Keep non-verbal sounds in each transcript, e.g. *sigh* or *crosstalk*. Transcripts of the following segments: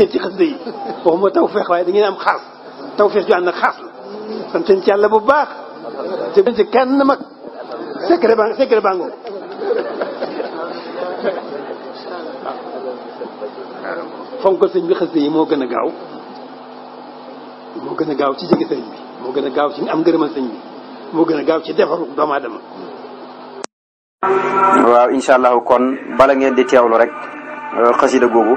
xiir ci xasida yi waaye da ngeen am xaas tawfeex ju ànd ak xaas la santeen ci yàlla bu baax te ci kenn mag secret baa secret sëñ bi xasida yi moo gën a gaaw moo gën a gaaw ci jege sëñ bi moo gën a gaaw ci am ngërëmal sëñ bi moo gën a gaaw ci defaru doomu aadama waaw incha allahu kon bala ngeen di teewlu rek xasida googu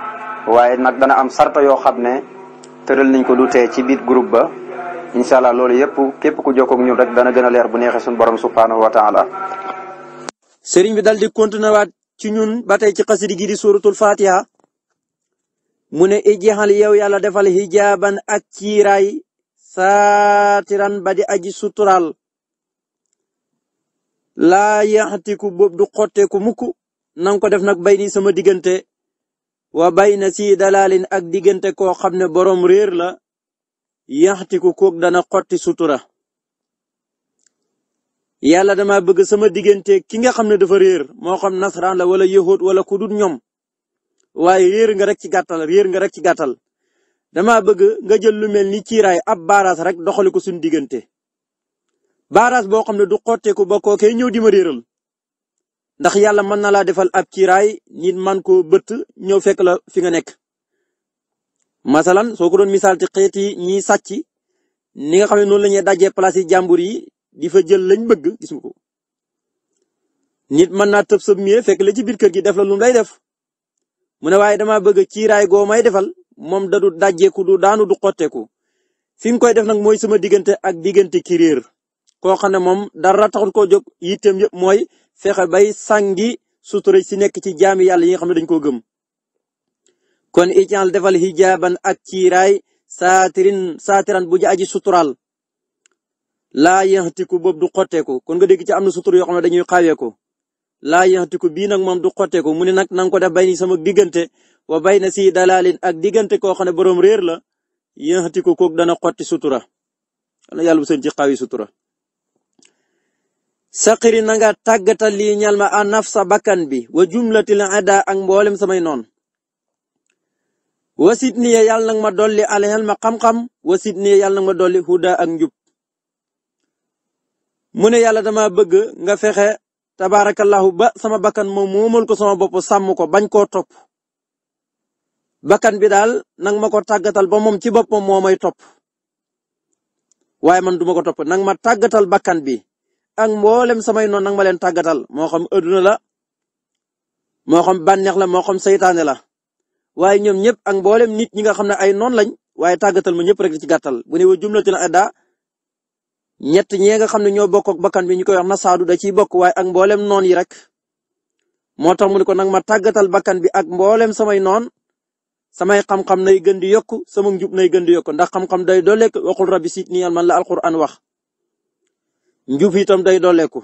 waaye nag dana am sarta yoo xam ne tëral nañ ko du tee ci biir groupe ba incha allah loolu yëpp képp ku jokkoog ñun rek dana gën leer bu neexee suñu borom subhaanahu wa taala. sëriñ bi dal di continué ci ñun ba tey ci xasidi gi di suratul fatiha mu ne ijjaxal yow yàlla defal hijaaban ak kiiraay saatiran ba di aji sutural la yaxtiku boobu du xotteeku mukk na ko def nag bay nii sama diggante wa bayna si dalaalin ak diggante koo xam ne boroom réer la yaxtiku kook dana xotti sutura yàlla dama bëgg sama diggante ki nga xam ne dafa réer moo xam nasaraan la wala yahud wala ku dul ñoom waaye réer nga rek ci gàttal réer nga rek ci gàttal dama bëgg nga jël lu mel ni ciiraay ab baaraas rek doxali ko suñu diggante baaraas boo xam ne du xotteeku ba kookee ñëw di ma réeral ndax yàlla mën na laa defal ab kiiraay nit man koo bëtt ñëw fekk la fi nga nekk. masalan soo ko doon misaal ci xeet yi ñiy sàcc ni nga xam ne noonu la ñuy dajee yi jàmbur yi di fa jël lañ bëgg gis nit mën naa tëb sa mieux fekk la ci biir kër gi def la lu lay def mu ne waaye dama bëgg kiiraay goo may defal moom da du dajjeeku du daanu du xotteeku fi nga koy def nag mooy sama diggante ak diggante ki réer koo xam ne moom dara taxul koo jóg yitteem yëpp mooy fexe bay sàngi sutura si nekk ci jam yàlla yi nga xam ne dañ koo gëm kon ijaal defal hijaaban ak kiiraay saatirin saatiran bu ja aji suturaal laa yaxtiku boobu du xotteeku kon nga dégg ci am na sutur yoo xam ne dañuy xawee ko laa yaxtiku bii nag moom du xotteeku mu ne nag na nga ko def bay ni sama diggante wa bay na si dalaalin ak diggante koo xam ne boroom réer la yaxtiku kook dana xotti sutura ana yàlla bu seen ci xawi sutura saqiri na nga tàggatal lii ñal ma a nafsa bakkan bi wa jumlatil ada ak mboolem samay noon wasit ni yàlla nag ma dolli alxel ma xam-xam wasit ni yàlla nag ma dolli huda ak njub mu ne yàlla dama bëgg nga fexe tabaarakallahu ba sama bakkan moom moomal ko sama bopp sàmm ko bañ koo topp bakkan bi daal nag ma ko tàggatal ba moom ci boppa moo may topp waaye man duma ko topp nang ma tàggatal bakkan bi ak mboolem samay noonu nag ma leen tàggatal moo xam adduna la moo xam bànneex la moo xam saytaane la waaye ñoom ñëpp ak mboolem nit ñi nga xam ne ay noon lañ waaye tàggatal ma ñëpp rek ci gàttal bu ne wa jumlatul adda ñett ñee nga xam ne ñoo bokk ak bakkan bi ñu koy wax nasaadu da ciy bokk waaye ak mboolem noon yi rek moo tax mu ne ko nag ma tàggatal bakkan bi ak mboolem samay noon samay xam-xam nay gën di yokku sama njub nay gën di yokku ndax xam-xam day dooleeg waxul rabbi siit nii man la alquran wax. njub itam day dooleeku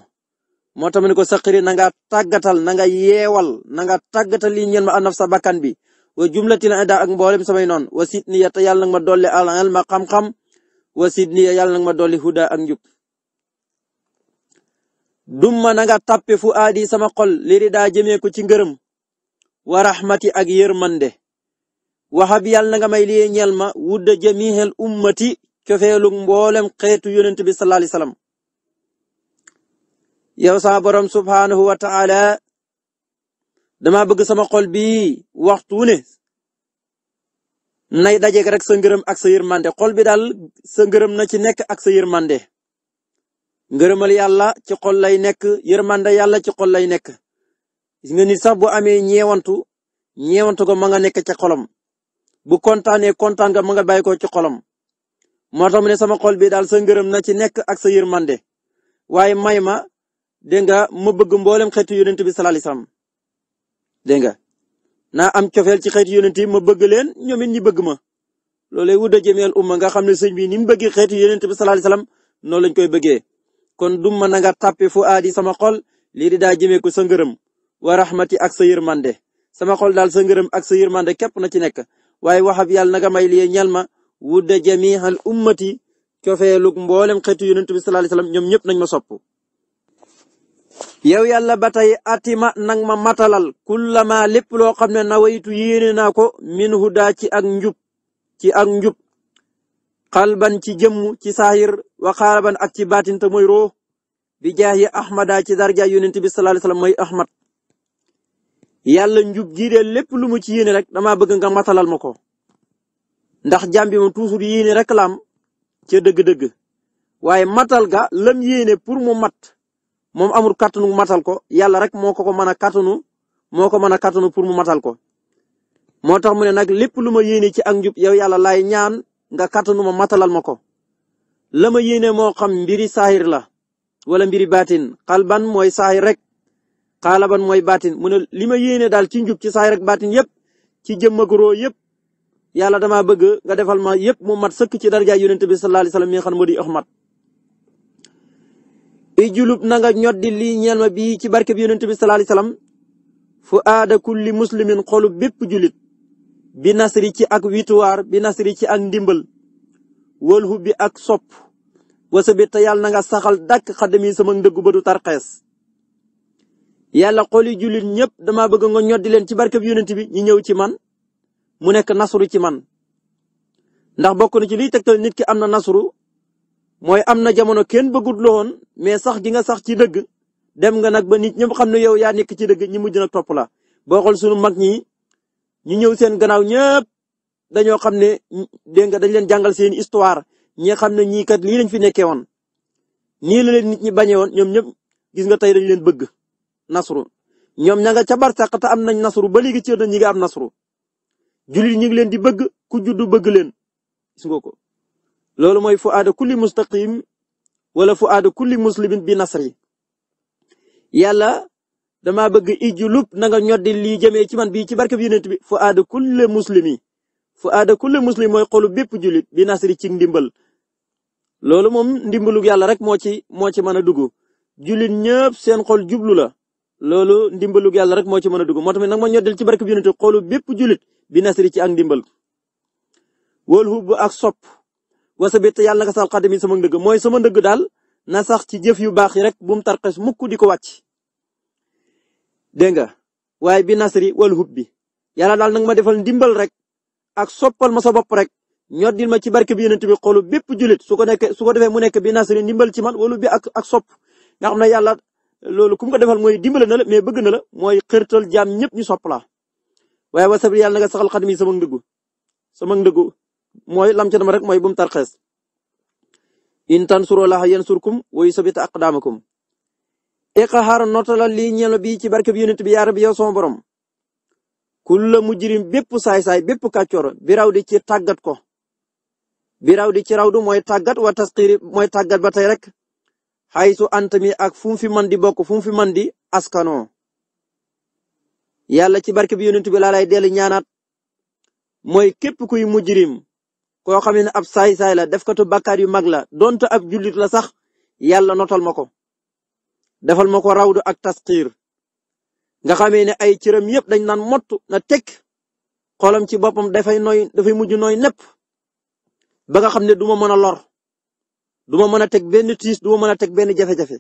moo tax ne ko saqiri nanga nga tàggatal na nga yeewal na nga tàggatal li ñeel ma sa bakkan bi wa jumlatil ada ak mboolem samay noon wa sidni ya te yàlla nag ma dolli al ilma xam-xam wa sidni ya yàlla nag ma dolli huda ak njub dumma na nga fu aadi sama xol liri daa jëmee ko ci ngërëm wa rahmati ak yërmande waxab yàlla na nga may lii ñeel ma wudda jamihel ummati cofeelug mboolem xeetu yonent bi sallallahu alayhi wasallam yow sama borom subhaanahu wa taala dama bëgg sama xol bii waxtu ne nay dajeeg rek sa ngërëm ak sa yërmande xol bi daal sa ngërëm na ci nekk ak sa yërmande ngërëmal yàlla ci xol lay nekk yërmande yàlla ci xol lay nekk gis nga nit sax bu amee ñeewantu ñeewantu ko ma nga nekk ca xolam bu kontaanee kontaan nga ma nga bàyyi ko ci xolam moo tax ne sama xol bi daal sa ngërëm na ci nekk ak sa yërmande waaye dégg nga ma bëgg mboolem xeetu yonent bi sallallahu alayhi wasallam dégg nga naa am cofeel ci xeet yonent yi ma bëgg leen ñoom it ñi bëgg ma loolu lay wudda jëmeel umma nga xam ne sëñ bi ni mu bëggee xeetu yonent bi sallallahu alayhi wasallam noonu lañ koy bëggee kon du ma na nga tàppe fu aadi sama xol lii di daa jëmee ko sa ngërëm wa rahmati ak sa yërmande sama xol daal sa ngërëm ak sa yërmande képp na ci nekk waaye waxab yàlla na nga may lii ñal ma wudda jamihal ummati cofeelug mboolem xeetu yonent bi sallallahu alayhi wasallam ñoom ñëpp nañ ma sopp yow yàlla ba tey atima nang ma matalal kullama lépp loo xam ne nawaytu yéene naa ko min huda ci ak njub ci ak njub xalban ci jëmm ci saahir wa xalban ak ci baatin te mooy roo bi jaahi ahmada ci darja yonent bi sallallahu alayhi wasallam ahmad yàlla njub gii de lépp lu mu ci yéene rek dama bëgg nga matalal ma ko ndax jàmm bi moom toujours rek la am dëgg-dëgg waaye matal ga lam yéene pour mu mat moom amul kàttanu matal ko yàlla rek moo ko ko mën a kàttanu moo ko mën a kàttanu pour mu matal ko moo tax mu ne nag lépp lu ma yéene ci ak njub yow yàlla laay ñaan nga kàttanu ma matalal ma ko la ma yéene moo xam mbiri saahir la wala mbiri baatin xalban mooy saahir rek xaalaban mooy baatin mu ne li ma yéene daal ci njub ci saahir rek baatin yépp ci jëmm ak roo yépp yàlla dama bëgg nga defal ma yépp mu mat sëkk ci darja yonent bi sallallahu alayhi wasallam mi nga xam ne ijulub na nga ñoddi lii ñeel ma ci barke bi yonent bi sallallahu alayhi wasallam fu aada kulli muslimin xolu bépp julit bi nasri ci ak wituwaar bi nasri ci ak ndimbal wëlhu bi ak sopp wasabit te yàlla na nga saxal sama ndëggu ba du yàlla xoli julit ñëpp dama bëgg nga ñoddi leen ci barke bi yonent bi ñi ñëw ci man mu nekk nasru ci man ndax bokk na ci liy tegtal nit ki am na nasru mooy am na jamono kenn bëggut la woon mais sax gi nga sax ci dëgg dem nga nag ba nit ñëpp xam ne yow yaa nekk ci dëgg ñi mujj nag topp la boo xool sunu mag ñi ñu ñëw seen ganaaw ñëpp dañoo xam ne dégg nga dañ leen jàngal seen histoire ñi xam ne ñii kat lii lañ fi nekkee woon nii la leen nit ñi bañe woon ñoom ñëpp gis nga tey dañ leen bëgg nasru ñoom ña nga ca barsàq am nañ nasru ba léegi ci na ñi nga am nasru jullit ñi leen di bëgg ku juddu bëgg leen gis nga ko loolu mooy fu fuaada kulli mustaqim wala fu fuaada kulli muslimin bi nasri yàlla dama bëgg ijulub na nga ñoddi lii jëmee ci man bii ci barkeb yonent bi fuaada kulli muslimi fuaada kulli muslim mooy xolu bépp julit bi nasri ci ndimbal loolu moom ndimbalug yàlla rek moo ci moo ci mën a dugg julit ñëpp seen xol jublu la loolu ndimbalug yàlla rek moo ci mën a dugg moo tamit nag ma ñoddil ci barkeb yonent bi xolu bépp julit bi nasri ci ak ndimbal wal hubbu ak sop wasa bett yàlla nga sax mi sama ndëgg mooy sama ndëgg daal na sax ci jëf yu baax yi rek bu mu tarxes mukk di ko wàcc. dégg nga waaye bi nasri wal hub bi yàlla daal nag ma defal ndimbal rek ak soppal ma sa bopp rek ñoddil ma ci barke bi yonent bi xolu bépp julit su ko nekk su ko defee mu nekk bi nasri ndimbal ci man walu bi ak ak sopp nga xam ne yàlla loolu ku mu defal mooy dimbale na la mais bëgg na la mooy xërtal jaam ñëpp ñu sopp la waaye wasabri yàlla na nga saxal xadami sama ndëggu sama ndëggu mooy lam ca dama rek mooy bu mu tarxees in tansurullaha yansurkum wa yusabbit aqdamakum iqhaar notalal lii ñelo bi ci barkeb yonent bi yaa rabbi yow sama borom kulla mujrim bépp saay-saay bépp kàccoor bi raw di ci tàggat ko bi raw di ci raw du mooy tàggat wa tasqiri mooy tàggat ba tey rek xaysu antami ak fu mu man di bokk fu mu fi man di askanoo yàlla ci barke bi yonent bi laa lay dellu ñaanaat mooy képp kuy mujrim koo xam ne ab saay-saay la def katu bàkkaar yu mag la donte ab julit la sax yàlla notal ma ko defal ma ko rawdu ak tasxiir nga xamee ne ay ciram yëpp dañ naan mott na teg xolam ci boppam dafay nooy dafay mujj nooy nepp ba nga xam ne du mën a lor du ma mën a teg benn tiis du ma mën a teg benn jafe-jafe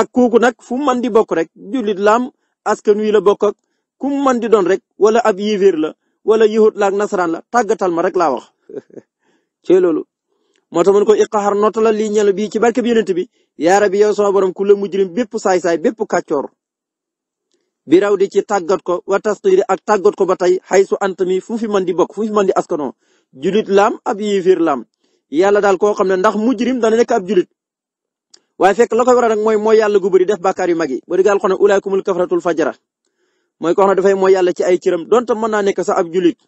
ak kooku nag fu man di bokk rek julit lam askan wi la bokk ak ku man di doon rek wala ab yéeféer la wala yahut la ak nasaraan la tàggatal ma rek laa wax *laughs* ci moo tax man ko iqaxar nootala lii ñelo bii ci barke bi yonent bi yaa rabbi yow sama borom ku la mujrim bépp saay-saay bépp kàccoor bi raw di ci tàggat ko wa tasxiiri ak tàggat ko ba tey xay su ant mi fu fi mën di bokk fu fi mën di askanoo julit laam ab yiifir laam yàlla daal koo xam ne ndax mujrim dana nekk ab julit waaye fekk la koy waral nag mooy mooy yàlla gu bëri def bàkkaar yu mag yi ba digaal xone ulaakumul kafratul mooy koo xam ne dafay mooy yàlla ci ay cëram donte mën naa nekk sax ab julit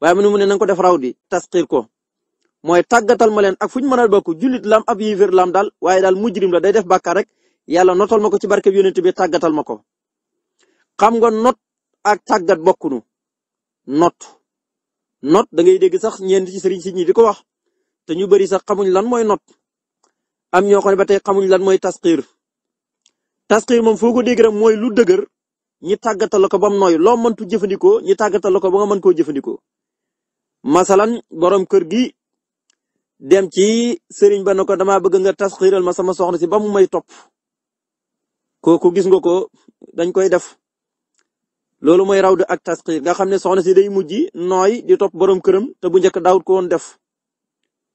waaye mu ne mu ne na ko def raw di tasxiir ko mooy tàggatal ma leen ak fu ñu mën a bokk julit lam ab yéefar lam dal waaye daal mujrim la day def bàkkaar rek yàlla notal ma ko ci barkeb te bi tàggatal ma ko. xam nga not ak tàggat bokkunu not not da ngay dégg sax ñeent ci sëriñ si di ko wax te ñu bari sax xamuñ lan mooy not am ñoo xam ne ba tey xamuñ lan mooy tasxiir tasxiir moom foo ko dégg mooy lu dëgër. ñi tàggatal la ko ba mu nooy loo mëntu jëfandikoo ñi tàggatal ko ba nga mën koo jëfandikoo. masalan borom kër gi dem ci sëriñ ba ne ko damaa bëgg nga tas xiiral ma sama soxna si ba mu may topp kooku gis nga ko dañ koy def. loolu mooy rawdu ak tasxiir nga xam ne soxna si day mujj nooy di topp borom këram te bu njëkk daawut ko woon def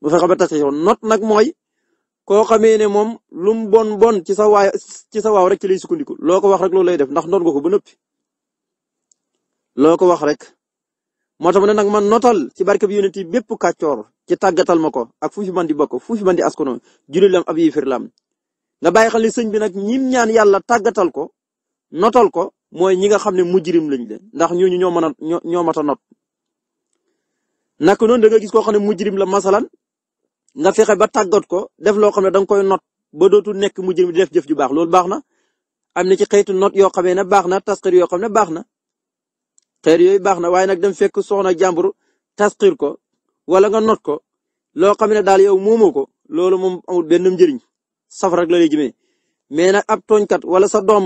bu fexe ba tasxiir not nag mooy koo xamee ne moom lu mu bon bon ci sa waay ci sa waaw rek ci lay sukkandiku loo ko wax rek loolu lay def ndax noot nga ko ba nëppi loo ko wax rek moo ma ne nag man notal ci barke bi yonent yi bépp kàccoor ci tàggatal ma ko ak fu fi man di bokk fu fi man di askono jullit lam ab yifir lam nga bàyyi xel sëñ bi nag ñim ñaan yàlla tàggatal ko notal ko mooy ñi nga xam ne mujjirim lañ leen ndax ñooñu ñoo mën a ñoo ñoo mat a not nak noonu da nga gis koo xam ne mujjirim la masalan nga fexe ba tàggat ko def loo xam ne danga koy not ba dootul nekk mu jëm def jëf ju baax loolu baax na am na ci xeetu not yoo xamee ne baax na tasxir yoo xam ne baax na xeet yooyu baax na waaye nag dem fekk soxna jàmbur tasxir ko wala nga not ko loo xam ne daal yow moomoo ko loolu moom amul benn njëriñ safara rek la lay jëmee mais nag ab tooñkat wala sa doom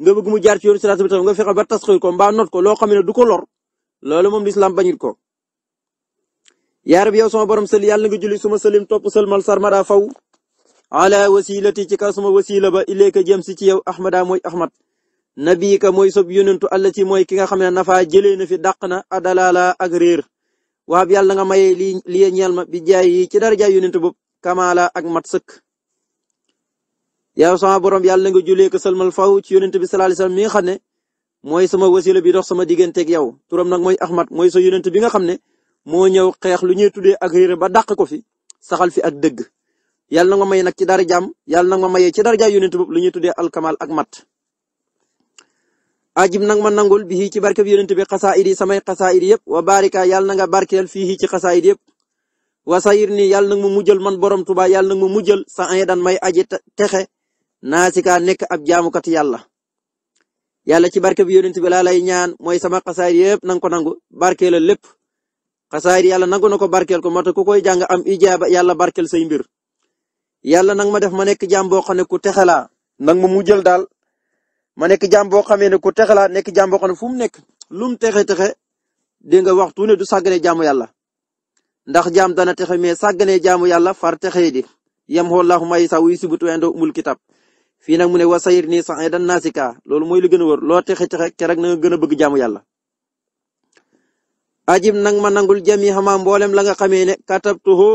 nga bëgg mu jaar ci yoonu siraat bi tam nga fexe ba tasxir ko mbaa not ko loo xam ne du ko lor loolu moom lislaam bañul ko yaa rabbi yow sama borom sël yàlla nga julli suma sëlim topp sëlmal sarmada faw ala wasilati ci kaw sama wasila ba ilayka jëm si ci yow ahmada mooy ahmad nabi ka mooy sob yonentu allah ci mooy ki nga xam ne nafa jëlee na fi dàq na adalaala ak réer waab yàlla nga maye lii lii ñeel ma bi jaay yi ci daraja yonentu bopp kamala ak mat sëkk yow sama borom yàlla nga jullee ko sëlmal faw ci yonentu bi sallallahu alayhi wasallam mi xam ne mooy sama wasila bi dox sama digganteeg yow turam nag mooy ahmad mooy sa bi nga xam ne moo ñëw xeex lu ñuy tuddee ak réer ba dàq ko fi saxal fi ak dëgg yàlla na nga may nag ci dara jàmm yàlla na nga mayee ci dara jaay yonent lu ñuy tuddee alkamal ak mat. ajib nag ma nangul bii ci barke bi yonent bi idi yi samay xasaayid yëpp wa barika yàlla na nga barkeel fii ci xasaayid yëpp. wasayir nii yàlla na nga ma mujjal man borom Tuubaa yàlla na ma mujjal sa ay daan may aji texe naasika nekk ab jaamukat yàlla. yàlla ci barke bi yonent bi laa lay ñaan mooy sama xasaayid yëpp na nga ko nangu barkeelal lépp xasaayit yàlla nangu na ko barkeel ko moo tax ku koy jàng am ijaaba yàlla barkeel say mbir yàlla nag ma def ma nekk jaam boo xam ne ku texe laa nag ma mu jël daal ma nekk jaam boo xamee ne ku texe laa nekk jaam boo ne fu mu nekk lu mu texe texe dégg nga waxtu ne du sàggane jaamu yàlla ndax jaam dana texe mais sàggane jaamu yàlla far texe di yam xoolaahu may sax wuy sibutu indo umul kitab fii nag mu ne wasayir nii sax dan naasika loolu mooy lu gën a loo texe texe ke rek na nga gën a bëgg jaamu yàlla ajib nang ma nangul jami xama mboolem la nga xamee ne katabtuhu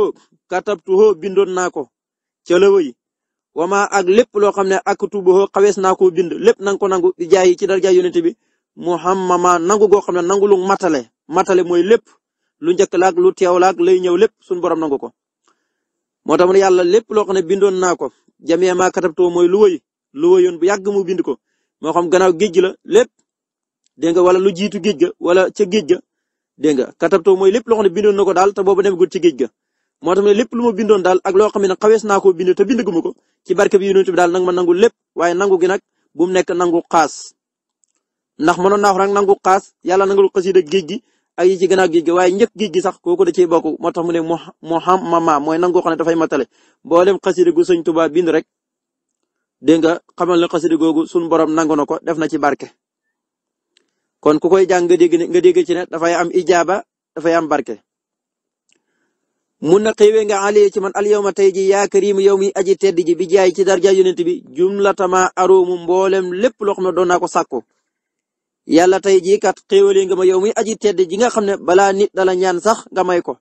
katabtuhu bindoon naa ko ca la wama ak lépp loo xam ne ak tubuhu xawees naa ko bind lépp nang ko nangu di ci darja yonent bi muhammama nangu goo xam ne nangulu lu matale matale mooy lépp lu njëkk laak lu teew laak lay ñëw lépp suñu borom nangu ko moo tax mu ne yàlla lépp loo xam ne bindoon naa ko jamee maa mooy lu woy lu wëyoon bu yàgg mu bind ko moo xam gannaaw géej la lépp nga wala lu jiitu géej ga wala ca géej ga dégg nga katabtoo mooy lépp loo xam ne bindoon na ko daal te boobu demagul ci géej ga moo tax ne lépp lu ma bindoon daal ak loo xam ne xawees naa koo bind te bindaguma ko ci barke bi yonent bi daal nag ma nangu lépp waaye nangu gi nag bu mu nangu xaas ndax mënoon naa wax nangu xaas yàlla nangul xasida géej gi ak yi ci gannaaw géej gi waaye njëkk géej gi sax kooku da cee bokk moo tax mu ne mo muhammama mooy nangu xam ne dafay matale mboolem xasida gu sëñ Tuubaa bind rek dégg nga xamal ne xasida googu suñu borom nangu na ko def na ci barke kon ku koy jàng nga dégg nga dégg ci ne dafay am ijaaba dafay am barke. mun na xëywee nga aliye ci man al yawma tey ji yi karim yow mi aji tedd ji bi jaay ci darja yonent bi jumlatama aroomu mboolem lépp loo xam ne doon naa ko sàkko yàlla tey jii kat xéewalee nga ma yow muy aji tedd ji nga xam ne balaa nit dala ñaan sax nga may ko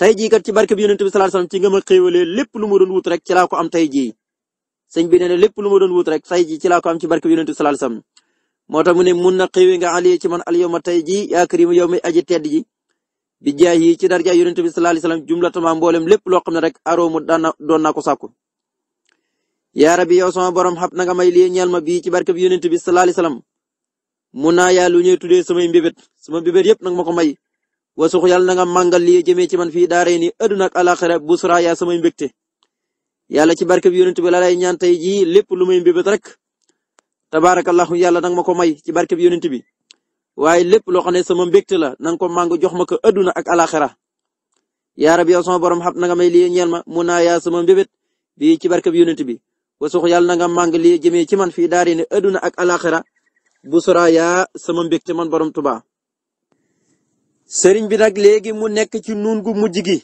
tey jii kat ci barke bi yonent bi sallallahu alayhi wasallam ci nga ma xéewalee lépp lu ma doon wut rek ci laa ko am tey jii sëñ bi nee na lu doon wut rek tey jii ci laa ko am ci barke bi yonent bi moo tax mu ne mun na xiwi nga ali ci man al ma tey jii yaa karimu yow mi aji tedd ji bi jaay yi ci darja yonent bi sallallahu alayhi wasallam jumla tama mboolem lépp loo xam ne rek aroomu daan doon naa ko sàkku yaa bi yow sama borom xab na nga may lii ñeel ma bii ci barke bi yonent bi sallallahu alayhi wasallam mun naa yaa lu ñuy tuddee samay mbébét sama mbébét yëpp nag ma ko may wasuux yàlla na nga màngal lii jëmee ci man fii daaree ni adduna ak alaxira busra yaa samay mbégte yàlla ci barke bi yonent bi la ñaan tey jii lépp lu may mbébét rek tabaarakallahu yàlla nag ma ko may ci barke bi yonent bi waaye lépp loo xam sama mbégte la na ko màngo jox ma ko adduna ak alaxira yaa rab yow sama borom may lii ñeel ma mun naa sama mbébét bii ci barke bi yonent bi wasux yàlla na nga màng lii jëmee ci man fii daari ne ak alaxira bu sora yaa sama mbégte man borom Tuubaa sëriñ bi nag léegi mu nekk ci nuun gu mujj gi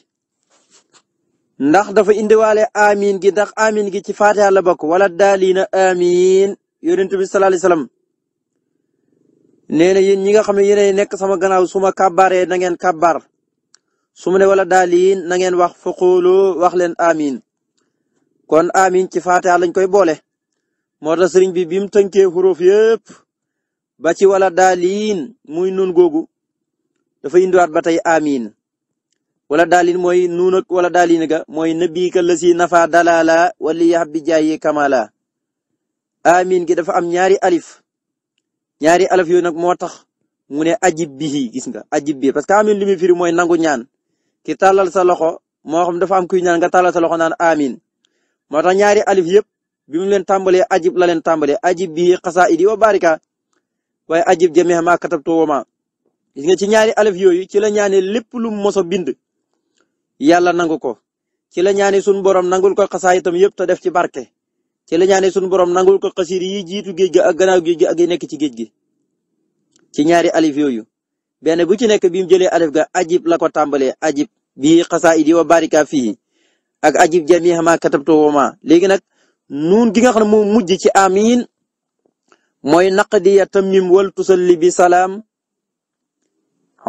ndax dafa indiwaale amiin gi ndax amiin gi ci faatiha la bokk wala daaliina amiin yonent bi sallallahu alayhi wasallam nee na yéen ñi nga xam ne yéenay nekk sama gannaaw su ma kàbbaaree na ngeen kàbbaar su ma ne wala daaliin na ngeen wax faqulu wax leen amiin kon amiin ci faatiha lañ koy boole. moo tax sëriñ bi bi mu tënkee xuróof yëpp ba ci wala daaliin muy nun googu dafa indiwaat ba tey amin wala daaliin mooy nuun ak wala daaliin ga mooy nabiika la nafa dalala wali yax bi kamala amin gi dafa am ñaari alif ñaari alif yooyu nag moo tax mu ne ajib bihi gis nga ajib bi parce que amin li muy firi mooy nangu ñaan ki tàllal sa loxo moo xam dafa am kuy ñaan nga tàllal sa loxo naan amin moo tax ñaari alif yëpp bi mu leen tàmbalee ajib la leen tàmbalee ajib bihi xasaidi wa barika waaye ajib jamiha ma katabtu wa ma gis nga ci ñaari alif yooyu ci la ñaane lépp lu mos a bind yàlla nangu ko ci la ñaane sunu borom nangul ko xasaa itam yëpp te def ci barke. ci la ñaane sunu borom nangul ko xasida yi jiitu géej ga ak gannaaw géej ga yi nekk ci géej gi ci ñaari alif yooyu benn bu ci nekk bim mu jëlee alif ga ajib la ko tàmbalee ajib bii xasaa'idi wa barika fii ak ajib jamii'a ma léegi nag nuun gi nga xam ne moo mujj ci amiin mooy naqdiya tamim wal tusalli bi salaam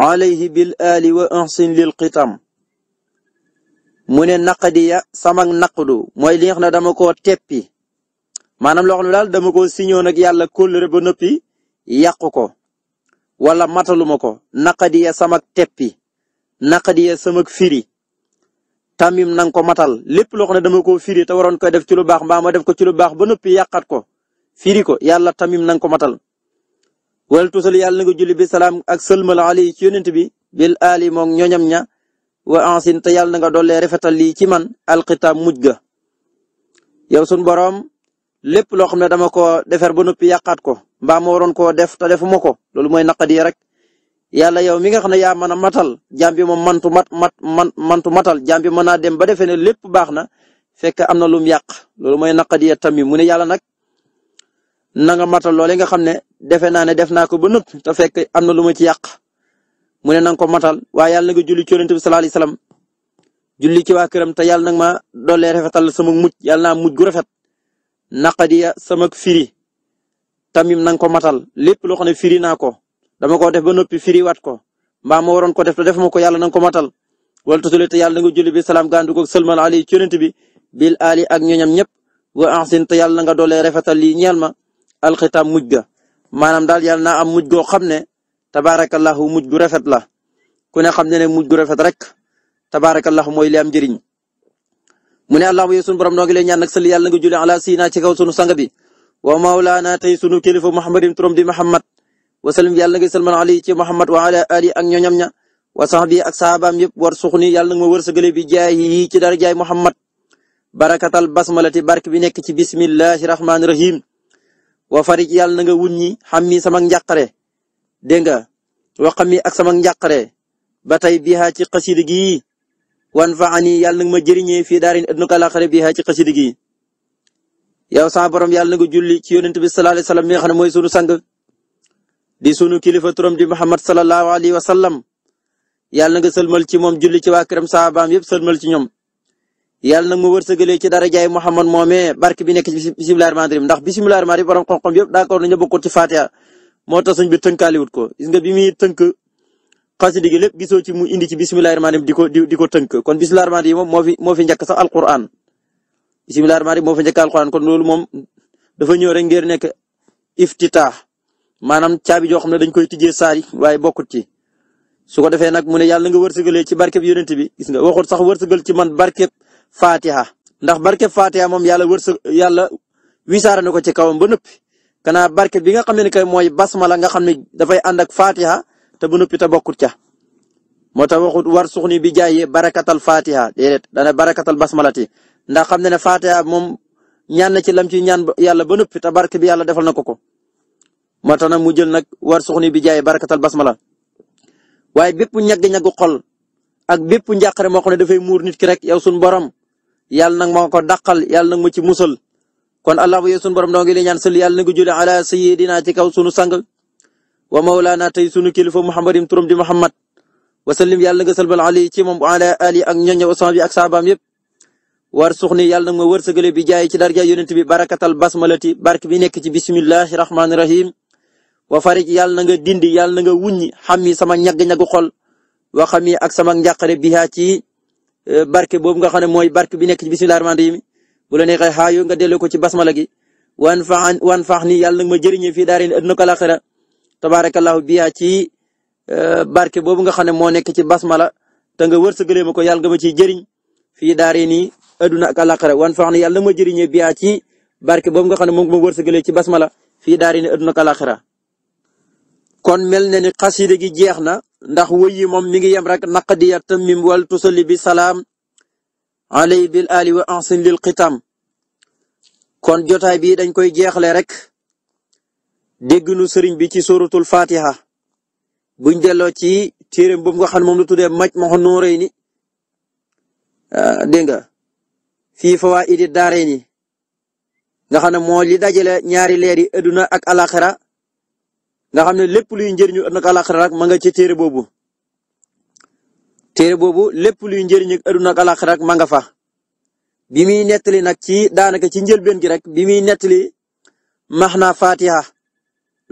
alayhi bil ali wa ahsin lil qitam mu ne naqdiya sama naqdu mooy li nga xam teppi maanaam loo xam ne daal dama ko signé nag yàlla kóllëre ba noppi yàqu ko wala mataluma ko naqadiya samak teppi naqadiya samak firi tamim nang ko matal lépp loo xam ne dama ko firi te waroon koy def ci lu baax mbaa ma def ko ci lu baax ba noppi yàqat ko firi ko yàlla tamim nang ko matal wal tusal yàlla na nga julli bi ak sëlmal ali ci yonent bi bil ali moom ñoñam ña wa ansin te yàlla na nga rafetal lii ci man alxitaab mujj ga yow sun boroom lépp loo xam ne dama ko defar ba noppi yàqaat ko mbaa ma waroon koo def te defuma ko loolu mooy naqadi rek yàlla yow mi nga xam ne yaa mën a matal jaam bi moom mantu mat mat man mantu matal jaam bi mën naa dem ba defee ne lépp baax na fekk am na lum yàq loolu mooy naqadi tamit mu ne yàlla nag na nga matal loolee nga xam ne defe naa ne def naa ko ba noppi te fekk am na lu ma ci yàq mu ne na ko matal waaye yàlla na nga julli ci yonent bi sallallahu alayhi wasallam julli ci waa këram te yàlla nag ma dollee rafetal sama muc yàlla naa mujj gu rafet. naqadiya samak firi tamim na nga ko matal lépp loo xam ne firi naa ko dama ko def ba noppi firi wat ko mbaa ma waroon ko def te def ma ko yàlla na ko matal wala tusulee te yàlla na nga julli bi salaam gàndu ko sëlmal ali ci yonent bi bil ali ak ñooñam ñëpp wa ahsin te yàlla na nga doolee rafetal lii ñeel ma alxitaam mujj ga maanaam daal yàlla naa am mujj goo xam ne tabaarakallahu mujj gu rafet la ku ne xam ne ne mujj gu rafet rek tabaarakallahu mooy li am njëriñ mu ne allahumma yow sunu borom noo ngi lay ñaan nag sëli yàlla nga julli ala sina ci kaw sunu sang bi wa maulana tey sunu kilifa muhammadin turam di muhammad wa sallim yàlla nga salman ali ci muhammad wa ali ak ñoñam ña wa sahbi ak sahabaam yëpp war suxni yàlla nga ma wërsëgale bi jaay yi ci dara jaay muhammad barakatal basmalati barke bi nekk ci bismillahi rahmaani rahim wa ci yàlla na nga wuññi xam mi sama njàqare dégg nga waxam mi ak sama njàqare ba tey biha wan fa ani yàlla na ma jëriñee fii daarin adduna ko àllaaxira bi ci xasida gi yow sa borom yàlla na julli ci yonent bi sallallahu alayhi wa sallam mi nga xam ne mooy sunu sang di sunu kilifa turam di Muhammad sallallahu alayhi wa sallam yàlla na nga sëlmal ci moom julli ci waa këram saabaam yëpp sëlmal ci ñoom. yàlla na ma wërsëgalee ci dara jaay Muhammad moomee barke bi nekk ci bismillahir rahmanir rahim ndax bismillahir rahmanir rahim borom xam-xam yëpp d'accord nañu bokkul ci Fatiha moo tax suñ bi tënkaaliwut ko gis nga bi muy xasida gi lépp gisoo ci mu indi ci bismillahi rahmaani rahim di ko ko tënk kon bismillahi rahmaani rahim moom moo fi moo fi njëkk sax alquran bismillahi rahmaani rahim moo fi njëkk alquran kon loolu moom dafa ñëw rek ngir nekk iftitaax maanaam caabi joo xam ne dañ koy tije saar yi waaye bokkut ci su ko defee nag mu ne yàlla nga wërsëgalee ci barkeb yonent bi gis nga waxut sax wërsëgal ci man barkeb Fatiha ndax barkeb Fatiha moom yàlla wërsëg yàlla wisaara na ko ci kawam ba nëpp kanaa barkeb bi nga xam ne kay mooy basmala nga xam ne dafay ànd ak Fatiha te ba noppi te bokkut ca moo tax waxut war suxni bi jaayee barakatal fatiha déedéet dana barakatal ti ndax xam na ne fatiha moom ñaan na ci lam ci ñaan yàlla ba noppi te barke bi yàlla defal na ko ko moo tax nag mu jël nag war suxni bi jaayee barakatal basmala waaye bépp ñagg-ñaggu xol ak bépp njàqare moo xam ne dafay muur nit ki rek yow suñu borom yàlla nag moo ko dàqal yàlla nag mu ci musal kon allah yow suñu borom doo ngi sël yàlla na ko julli ala sayyidina ci kaw sunu sang wa mawlaana tey sunu kilifa muhammadim turam di muhammad wa sallim yàlla nga salbal ali ci moom ala ali ak ñoñ wa sahbi ak saabaam yëpp war suxni yàlla nga wërsëgale bi jaay ci darja yonent bi barakatal basmalati barke bi nekk ci bismillahi rahmaani rahim wa farij yàlla na nga dindi yàlla na nga wuññi xam yi sama ñagg-ñagg xol wa xam yi ak sama njàqare biha ci e, barke boobu nga xam ne mooy barke bi nekk ci bismillahi rahmaani rahim bu la neexee xaayo nga delloo ko ci basmala gi wan faan wan faax ni na ma jëriñee fii daarin tabaarakallaahu biyaa ci euh, barke boobu nga xam ne moo nekk ci basmala te nga wërsëgalee ma ko yàlla nga ma ciy jëriñ fii daaree nii adduna ak àllaaxira wan fax ne yàlla ma jëriñee biyaa ci barke boobu nga xam ne moom nga ma wërsëgalee ci basmala fii daaree nii adduna kon mel na ni xaside gi jeex na ndax wëy yi moom mi ngi yem rek naqdiya tamim wal tusalli bi salaam alay bil ali wa ansin lil xitam kon jotaay bi dañ koy jeexle rek dégg nu sëriñ bi ci suratul fatiha buñ delloo ci téeréem boobu nga xam ne moom la tuddee maj ma nuurey ni ah, dégg nga fii fawaa'idi daarey ni nga xam ne moo li dajale ñaari leer yi adduna ak alaxira nga xam ne lépp luy njëriñu adduna ak rek ma nga ci téere boobu téere boobu lépp luy njëriñ ak adduna ak ma nga fa bi muy nettali nag ci daanaka ci njëlbeen gi rek bi muy nettali max naa fatiha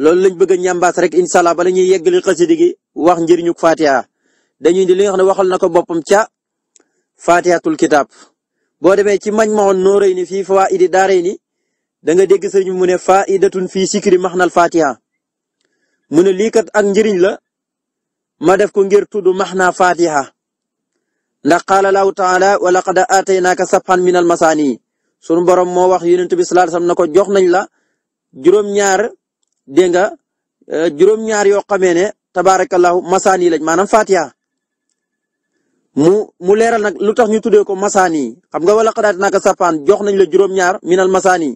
loolu lañ bëgg a rek incha allah bala ñuy yeggali xasida gi wax njëriñu Fatiha dañuy indi li xam ne waxal na ko boppam ca Fatihatul Kitab boo demee ci mañ mawoon nooray ni fii fawaidi daaray ni da nga dégg sëriñ mu ne faidatun fii sikri maxnal Fatiha mu ne lii kat ak njëriñ la ma def ko ngir tudd maxna Fatiha ndax qaala lahu taala wa laqad aataynaaka sabhan minal masaani sunu borom moo wax yonent bi sallallahu alayhi wasallam na ko jox nañ la juróom-ñaar. dégg nga euh, juróom-ñaar yoo xamee ne tabaarakallahu masaani lañ maanaam fatiha mu mu leeral nag lu tax ñu tuddee ko masaani xam nga wala xadaat naka sapaan jox nañ la juróom-ñaar minal masaani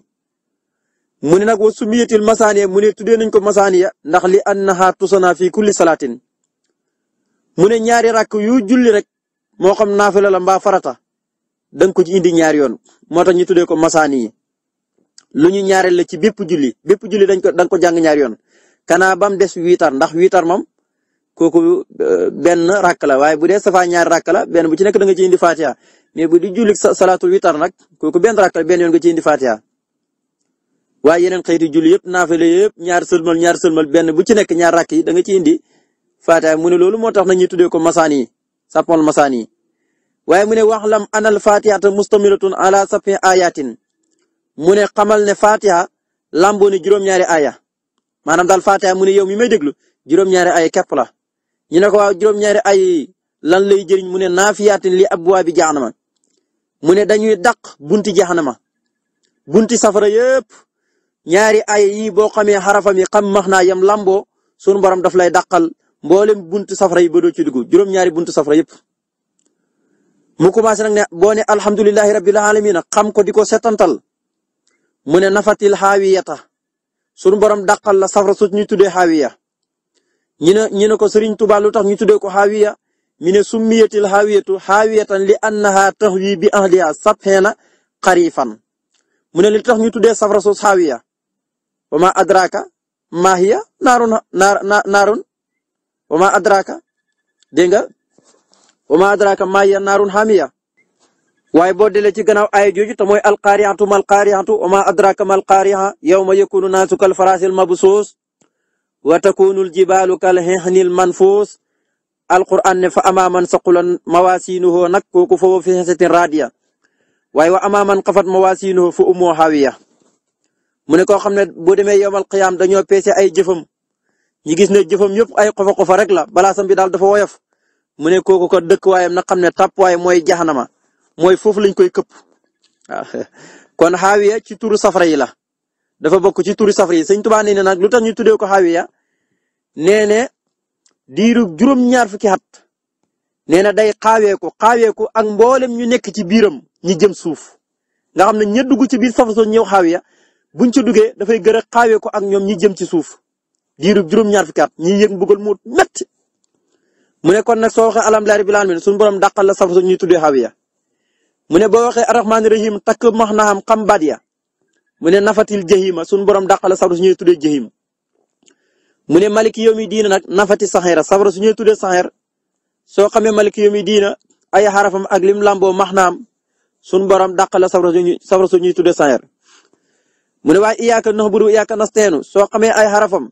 mu ne nag wa sumiyatil masaani mu ne tuddee nañ ko masaani ndax li annaha tusana fi kulli salaatin mu ne ñaari rakk yu julli rek moo xam naafila la mbaa farata danga ko ci indi ñaari yoon moo ñu tuddee ko masaani yi lu ñu ñaareel la ci bépp juli bépp julli dañ ko da nga ko jàng ñaari yoon kanaa bam des wiitar ndax wiitar moom kooku euh, benn rakk la waaye bu dee safaa ñaari rakk la benn bu ci nekk da nga ci indi fatiha mais bu di julli salaatul wiitar nag kooku benn rakk la benn yoon nga ci indi fatiha waaye yeneen xeeti julli yëpp naafale yëpp ñaar sëlmal ñaar sëlmal benn bu ci nekk ñaar rakk yi da ci indi fatiha mu ne loolu moo tax na ñuy tuddee ko masaan yi sàppoon masaan yi waaye mu ne wax lam anal fatihata mustamilatun ala safi ayatin mu ne xamal ne Fatiha lamboo ne juróom-ñaari aya maanaam daal Fatiha mu ne yow mi may déglu juróom-ñaari aya képp la ñu ne ko waaw juróom-ñaari ay lan lay jëriñ mu ne naafiyaatin li abwaabi jaxanama mu ne dañuy dàq bunti jaxanama bunti safara yëpp ñaari ay yi boo xamee xarafam yi xam max naa yam lambo sunu borom daf lay dàqal mboolem bunt safara yi bado doo ci juróom-ñaari buntu safara yëpp. mu commencé nag ne boo ne alhamdulilahi rabbil alamina xam ko di ko setantal mu ne nafatil xaawiyata sunu borom dàqal la safara su ñu tuddee xaawiya ne ñu ne ko Serigne Touba lu tax ñu tuddee ko xaawiya mi ne summiyatil xaawiyatu xaawiyatan li annaha taxwi bi ahliha sabxeena xarifan mu ne li tax ñu tuddee safara su xaawiya ma adraka ma hiya naarun naarun adraka dégg nga adraka ma hiya naarun waaye boo delee ci gannaaw aaya jooju te mooy alqaariatu mal qaariatu wa ma adraka mal qaaria yawma yakunu naasu kal farasil mabsuus wa takunu al jibaalu kal hihnil manfuus alquran ne fa amaa man saqulan mawaasiinuhu nag kooku fa fi hisatin raadiya waaye wa amaa man xafat mawaasiinuhu fa ummuhu hawiya mu ne koo xam ne boo demee yowmal qiyaam dañoo peese ay jëfam ñi gis ne jëfam yëpp ay xofa xofa rek la balaasam bi daal dafa woyof mu ne kooku ko dëkk waayam na xam ne tàpp waay mooy jaxanama mooy foofu lañ koy këpp waaw ah, *laughs* kon xaawiya ci tur safara yi la dafa bokk ci tur safara yi sëñ Tuubaa nee na nag lu tax ñu tuddee ko xaawiya nee na diiru juróom-ñaar fukki at nee na day xaaweeku ko ak mboolem ñu nekk ci biiram ñi jëm suuf nga xam ne ña dugg ci biir safara soo ñëw xaawiya buñ ci duggee dafay gën a ko ak ñoom ñi jëm ci suuf diiru juróom-ñaar fukki at ñi yëg mbugal mu metti mu ne kon nag soo waxee bi rabbil alamin suñu borom dàqal la safara soo ñuy tuddee xaawiya mu ne boo waxee arrahmaani rahim takk max naam xam baat mu ne nafatil jahima sunu borom dàqala sawra su ñuy tuddee jahim mu ne maliki yawmi diina nag nafati saxeera sawra su ñuy tuddee saxeer soo xamee maliki yawmi diina ay xarafam ak lim lamboo max naam sunu borom dàqala sawra su ñuy sawra su ñuy tuddee saxeer mu ne waaye iyaaka naxbudu iyaaka nasteenu soo xamee ay xarafam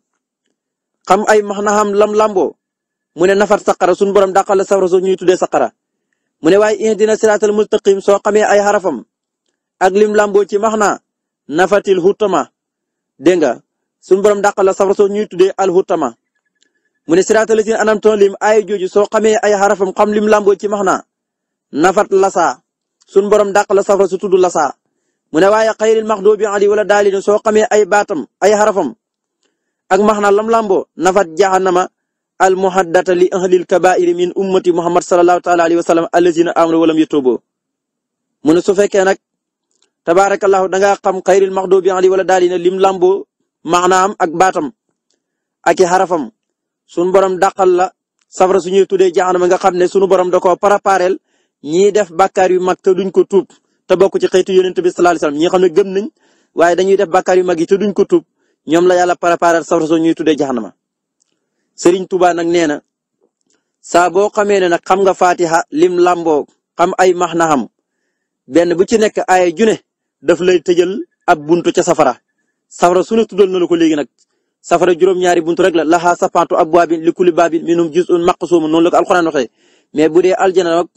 xam ay max naam lam lamboo mu ne nafat saqara sunu borom dàqala sawra su ñuy tuddee saqara mu ne waaye ihdina siraatal mustaqim soo xamee ay xarafam ak lim lamboo ci max naa nafatil hutama dégg nga suñu borom dàqal la safara soo ñuy tuddee al hutama mu ne siraatal la si anam toon ay jooju soo xamee ay xarafam xam lim lamboo ci max naa nafat lasa suñu borom dàqal la safara su tudd lasaa mu ne waaye xayril maxdubi ali wala daalin soo xamee ay baatam ay xarafam ak max naa lam lamboo nafat jahannama al muhaddata li ahlil kabairi min ummati muhammad sallallahu taala alayhi wa sallam allazina amanu walam yatubu mu ne su fekkee nag tabaarakallahu da ngaa xam xayril maxdubi ali wala daal dina lim làmboo maanaam ak baatam ak i xarafam sunu borom dàqal la safara suñuy tuddee jaxanama nga xam ne sunu borom da koo préparel ñiy def bàkkaar yu mag te duñ ko tuub te bokk ci xëytu yonent bi sallallahu alayhi wasallam ñi nga xam ne gëm nañ waaye dañuy def bàkkaar yu mag yi te duñ ko tuub ñoom la yàlla préparel safara suñuy tuddee jaxanama Serigne Touba nag nee na saa boo xamee ne nag xam nga Fatiha lim làmboo xam ay max na benn bu ci nekk ay june daf lay tëjal ab buntu ca safara safara su ne tuddal na la ko léegi nag safara juróom-ñaari buntu rek la laxaa sapantu abwaabin li kulli baabin minhum juz'un maqsuumun noonu la ko alxuraan waxee mais bu dee aljana nag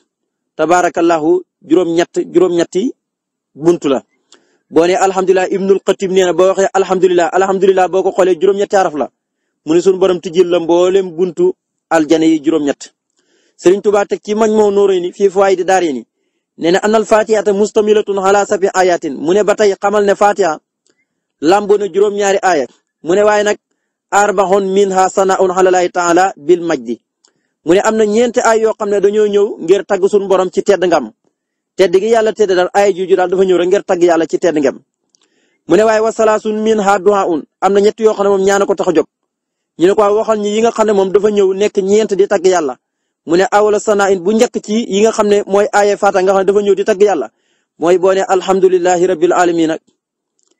tabaarakallahu juróom-ñett juróom-ñetti buntu la. boo nee alhamdulilah ibnul xatib nee na boo waxee alhamdulilah alhamdulilah boo ko xoolee juróom araf la. mu ne sunu borom tijjil la mboolem buntu aljana yi juróom-ñett Serigne Touba teg ci mañ moo nooree ni fii fawaay di daaree ni nee na anal faatihata mustamilatun ala sabi ayatin mu ne ba tey xamal ne fatiha làmboo na juróom-ñaari aaya mu ne waaye nag arbaxun minha sanaun alalaahi taala bil majdi mu ne am na ñeenti ay yoo xam ne dañoo ñëw ngir tagg sunu borom ci tedd ngam tedd gi yàlla tedd daal ay juju daal dafa ñëw rek ngir tagg yàlla ci tedd ngam mu ne waaye wasalaasun minha duhaun am na ñett yoo xam ne moom ñaan ko tax a ñu ne ko waxal ñi yi nga xam ne moom dafa ñëw nekk ñeent di tagg yàlla mu ne awala sanaa in bu njëkk ci yi nga xam ne mooy aaye faata nga xam ne dafa ñëw di tagg yàlla mooy boo ne alhamdulilahi rabbil alamin nag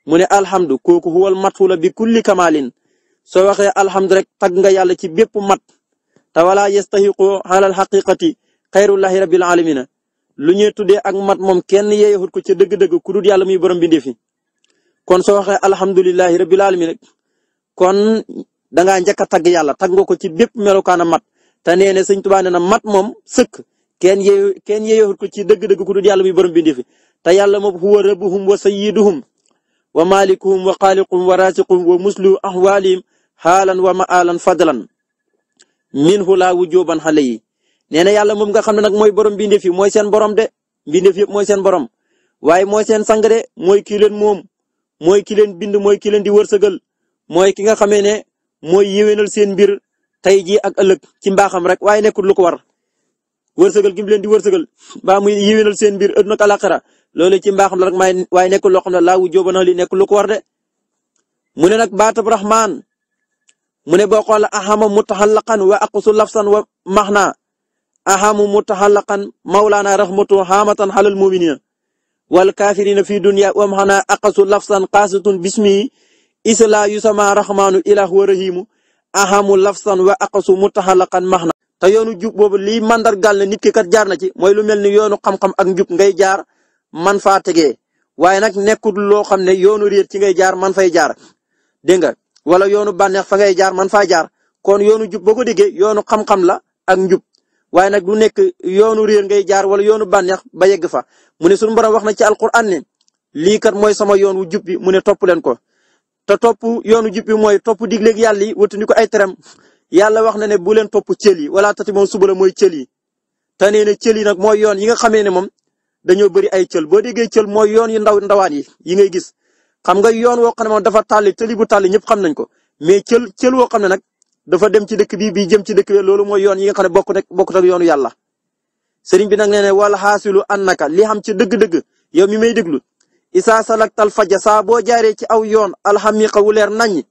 mu ne alhamdu kooku mat wula bi kulli kamalin soo waxee alhamdu rek tagg nga yàlla ci bépp mat te wala yastahiqu ala alhaqiqati xayrullahi rabbil alamin lu ñuy tuddee ak mat moom kenn yeeyahut ko ca dëgg-dëgg ku dul yàlla muy borom bindee fi kon soo waxee alhamdulilahi rabbil alamin nag kon dangaa njëkk a tagg yàlla tagg nga ko ci bépp melokaana mat te nee na sëñ Tuubaa na mat moom sëkk kenn yeyoo kenn yeyoowut ko ci dëgg-dëgg ku dul yàlla muy borom bindi fi te yàlla moom huwa rabbuhum wa sayyiduhum wa malikuhum wa xaaliquhum wa raasiquhum wa muslihu ahwaalihim xaalan wa maalan fadlan minhu laa wujuban xale yi nee na yàlla moom nga xam ne nag mooy borom mbindeef yi mooy seen borom de mbindeef yëpp mooy seen borom waaye mooy seen sang de mooy ki leen moom mooy ki leen bind mooy ki leen di wërsëgal mooy mooy yéwénal seen mbir tey jii ak ëllëg ci mbaaxam rek waaye nekkul lu ko war wërsëgal gi mu leen di wërsëgal mbaa mu yéwénal seen mbir ëdduna ak alaxira loolu ci mbaaxam la rek may waaye nekkul loo xam ne laawu jóoba li nekkul lu ko war de mu ne nag baatab rahmaan mu ne boo xoolee ahama mutaxallaqan wa aqsu lafsan wa maxna ahamu mutaxallaqan mawlaana rahmatu haamatan xalal muminina wal kaafirina fi dunya wa maxna aqsu lafsan qaasatun bismi isla yu sama raxmaanu ilah wa rahimu ahamu lafsan wa mu aqasu mutaxalaqan maxna te yoonu jub boobu lii mandargal ne nit ki kat jaar na ci mooy lu mel ni yoonu xam-xam ak njub ngay jaar man faa tegee waaye nag nekkul loo xam ne yoonu réer ci ngay jaar man fay jaar dégg nga wala yoonu bànneex fa ngay jaar man faa jaar kon yoonu jub boo ko déggee yoonu xam-xam la ak njub waaye nag du nekk yoonu réer ngay jaar wala yoonu bànneex ba yegg fa mu ne suñu borom wax na ci alquran ne lii kat mooy sama yoon wu jub bi mu ne topp leen ko te topp yoonu jub bi mooy topp digleeg yàlla yi watandi ko ay teram yàlla wax na ne bu leen topp cël yi wala tati moom suba la mooy cël yi te nee na cël yi nag mooy yoon yi nga xamee ne moom dañoo bëri ay cël boo déggee cël mooy yoon yu ndaw ndawaan yi yi ngay gis xam nga yoon woo xam ne moom dafa tàlli tëli bu tàlli ñëpp xam nañ ko mais cël cël woo xam ne nag dafa dem ci dëkk bi bi jëm ci dëkk bi loolu mooy yoon yi nga xam ne bokk nag bokkut ak yoonu yàlla sëriñ bi nag nee ne wala xaasilu annaka li xam ci dëgg-dëgg yo mi may déglu isaa salaktal faja saa boo jaaree ci aw yoon alxamiqa wu leer naññi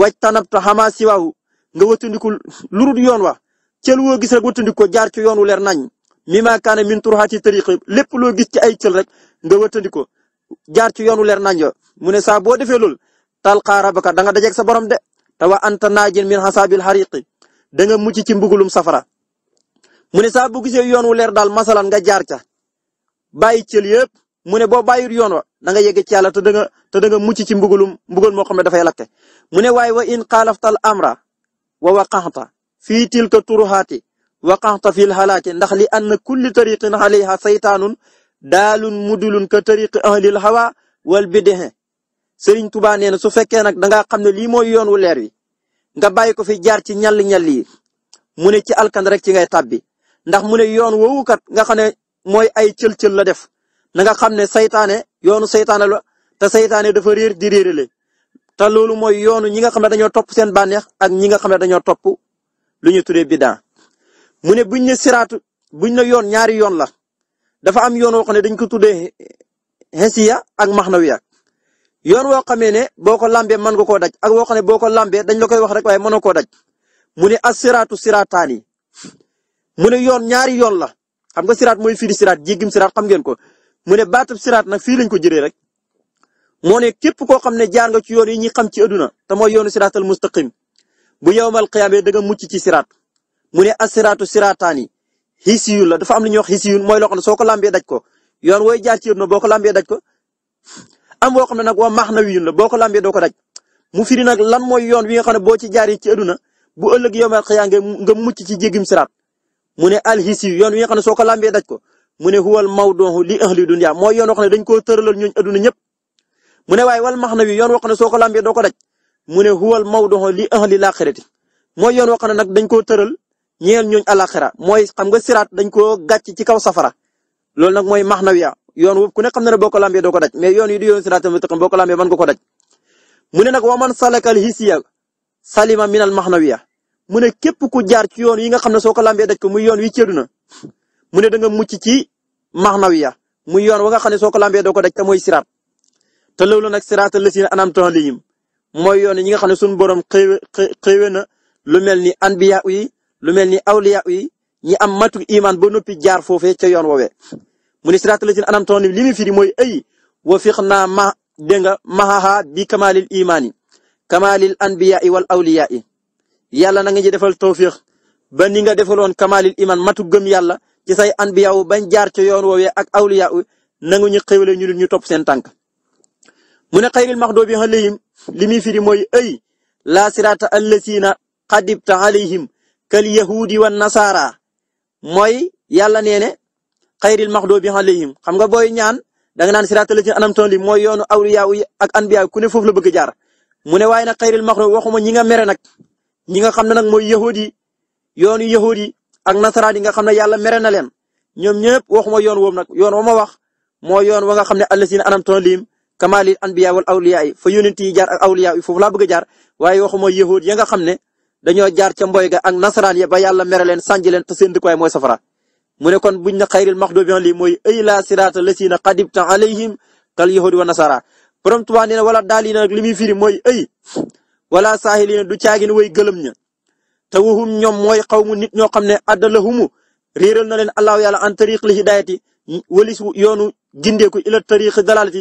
waj tanabta xamaa siwaahu nga wëttandiku lurut yoon wa cël woo gis rek wëttandiku ko jaar ci yoon wu leer nañ mi maa kaane min turxaati tariq lépp loo gis ci ay cël rek nga wëttandiku jaar ci yoon wu leer nañ mu ne saa boo defee lool talqaa rabaka da nga dajeeg sa borom de te wa anta naajin min xasaabil xariqi da nga mucc ci mbugulum safara mu ne saa gisee yoon wu leer daal masalan nga jaar ca bàyyi cël yëpp mu ne boo bàyyiwul yoon wa da nga yegg ci yàlla te da nga te da mucc ci mbugalum mbugal moo xam ne dafay lakke mu ne waaye wa in xaalaftal amra wa waqaxta fi tilka turuxaati waqaxta fil xalaaki ndax li na anna kulli tariqin alayha saytaanun daalun mudulun ka tariqi ahlil hawa wal bidihi Sëriñ Tuubaa nee na su fekkee nag da nga xam ne lii mooy yoon wu leer wi nga bàyyi ko fi jaar ci ñall ñall yi mu ne ci alkan rek ci ngay bi ndax mu ne yoon woowu kat nga xam ne mooy ay cël cël la def na nga xam ne saytaane yoonu saytaane la te seytaane dafa réer di réerale te loolu mooy yoonu ñi nga xam ne dañoo topp seen bànneex ak ñi nga xam ne dañoo topp lu ñu tuddee bidaa mu ne buñ ne siraatu buñ ne yoon ñaari yoon la dafa am yoon woo xam ne dañ ko tuddee hesiya ak maxnawiya yoon woo xamee ne boo ko lambee mën nga koo daj ak woo xam ne boo ko lambee dañ la koy wax rek waaye mënoo koo daj mu ne as siraatu siraataan ne yoon ñaari yoon la xam nga siraat mooy firi siraat jéggim siraat xam ngeen ko mu ne baatab siraat nag fii lañ ko jëlee rek moo ne képp koo xam ne jaar nga ci yoon yi ñi xam ci aduna te mooy yoonu siraatal mustaqim bu yowmal qiyaamee da nga mucc ci siraat mu ne asiraatu siraataani hisiyun la dafa lu ñuy wax hisiyun mooy loo xam ne soo ko lambee daj ko yoon wooy jaar ci aduna boo ko lambee daj ko am boo xam ne nag waa maxnawiyun la boo ko lambee doo ko daj mu firi nag lan mooy yoon wi nga ne boo ci jaaree ci aduna bu ëllëg yowmal qiyaam nga mucc ci jéggim siraat mu ne alhisiyu yoon wi nga xam ne soo ko lambee daj ko mu ne huwal mawduhu li ahli dunya moo yoon wax ne dañ koo tëralal ñooñ adduna ñëpp mu ne waaye wal maxnawi yoon wax ne soo ko lambee doo ko daj mu ne huwal mawduhu li ahli laaxirati mooy yoon wax ne nag dañ koo tëral ñeel ñooñ alaxira mooy xam nga siraat dañ koo gàcc ci kaw safara loolu nag mooy maxnawiya yoon woowu ku ne xam na ne boo ko lambee doo ko daj mais yoon yi di yoon siraatal mustaqiim boo ko lambee mën nga ko daj mu ne nag wa man salakal hisiya salima minal maxnawiya mu ne képp ku jaar ci yoon yi nga xam ne soo ko lambee daj ko muy yoon wi ci àdduna mu ne da nga mucc ci maxnawiya muy yoon wa nga xam ne soo ko lambee doo ko daj te mooy siraat te loolu nag siraatal lazina an'amta alayhim mooy yoon yi nga xam ne suñu borom xëy xëywe na lu mel ni anbiya yi lu mel ni awliya yi ñi am mat iman ba noppi jaar foofee ca yoon woowee mu ne siraatal lazina an'amta alayhim li muy firi mooy ay wafiqnaa ma dégg nga mahaha bi kamaalil imaani kamaalil anbiya wal awliya yàlla na nga ñu defal tawfiq ba ni nga defaloon kamaalil iman matu gëm yàlla ci say anbiyaaw bañ jaar ci yoon woowee ak awliya nangu ñu xéwale ñu ñu top seen tànk mu ne xayril maxdoobi alayhim li muy firi mooy ay laa siraata allasiina xadibta alayhim kal yahudi wa nasaara mooy yàlla nee ne xayril maxdoobi alayhim xam nga booy ñaan danga naan siraata allasiina anamta alayhim mooy yoonu awliya ak anbiya ku ne foofu la bëgg jaar mu ne waaye nag xayril maxdoobi waxuma ñi nga mere nag ñi nga xam ne nag mooy yahudi yoonu yahudi ak nasaraan yi nga xam ne yàlla mere na leen ñoom ñëpp waxuma yoon woom nag yoon wa ma wax moo yoon wa nga xam ne allasina anamton liim kamalil anbiya wal awliya yi fa yonent yi jaar ak awliya yi foofu laa bëgg a jaar waaye waxuma yahud ya nga xam ne dañoo jaar ca mboy ga ak nasaraan ya ba yàlla mere leen sànji leen te seen dëkkuwaay mooy safara mu ne kon buñ na xayril maxdubi lii mooy ay la siraata lasina qadibta alayhim kal yahudi wa nasara borom Tuubaa na wala daal yi nag li muy firi mooy ay wala saahilina du caagin way gëlëm ña te waxum ñoom mooy xaw mu nit ñoo xam ne addalahumu réeral na leen allahu yàlla an tariq li hidayati walis yoonu gindeeku ila tariq dalalati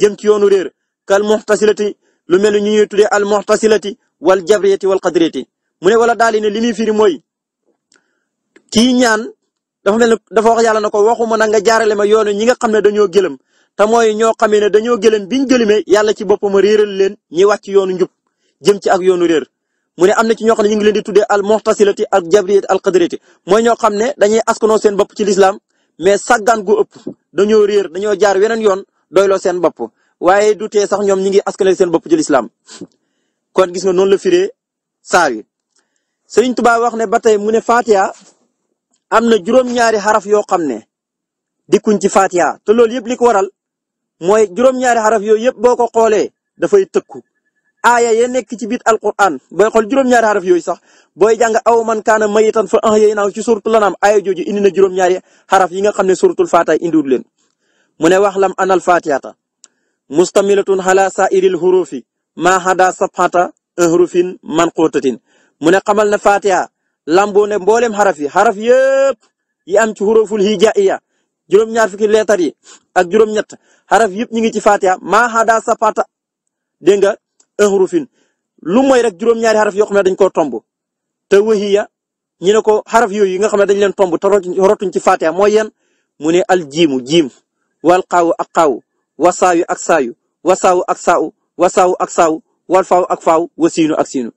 jëm ci yoonu réer kal muxtasilati lu mel ni ñu ñuy tuddee al muxtasilati wal jabriyati wal qadriyati mu ne wala daal ne li muy firi mooy kii ñaan dafa mel ne dafa wax yàlla na ko waxuma na nga jaarale ma yoonu ñi nga xam ne dañoo gëlëm te mooy ñoo xamee ne dañoo gëlëm biñ gëlëmee yàlla ci boppam réeral leen ñi wàcc yoonu njub jëm ci ak yoonu réer mu ne am na ci ñoo xam ne ñu ngi leen di tuddee al muxtasilati ak jabriyati al qadariyati mooy ñoo xam ne dañuy askanoo seen bopp ci lislaam mais sàggaan gu ëpp dañoo réer dañoo jaar weneen yoon doyloo seen bopp waaye du tee sax ñoom ñi ngi askanale seen bopp ci lislaam kon gis no noonu la firee saar yi Sëriñ Tuubaa wax ne ba tey mu ne Fatiha am na juróom-ñaari xaraf yoo xam ne dikkuñ ci Fatiha te loolu yëpp li ko waral mooy juróom-ñaari xaraf yooyu yëpp boo ko xoolee dafay tëkku aaya ya nekk ci biir alquran booy xool juróom-ñaari xaraf yooyu sax booy jàng aw man kaana mayitan fa ahyaynaahu ci suratul anam aaya jooju indi na juróom-ñaari xaraf yi nga xam ne suratul fatiha indiwul leen mu ne wax lam anal fatihata mustamilatun ala sairil hurufi ma hada sabhata hurufin manqutatin mu ne xamal na fatiha lamboo ne mboolem xaraf yi xaraf yëpp yi am ci huruful hijaiya juróom-ñaar fukki leetar yi ak juróom-ñett xaraf yëpp ñu ngi ci fatiha ma hada sabhata dégg nga ahrufin lu moy rek juróom-ñaari xaraf yoo xam ne dañ koo tomb te wahiya ñu ne ko xaraf yooyu nga xam ne dañ leen tomb te rotuñ ci Fatiha mooy yan mu ne al jiimu jiim wal xaawu ak xaawu wasaayu ak saayu wasaawu ak saawu wasaawu ak saawu wal faw ak faaw wasiinu ak siinu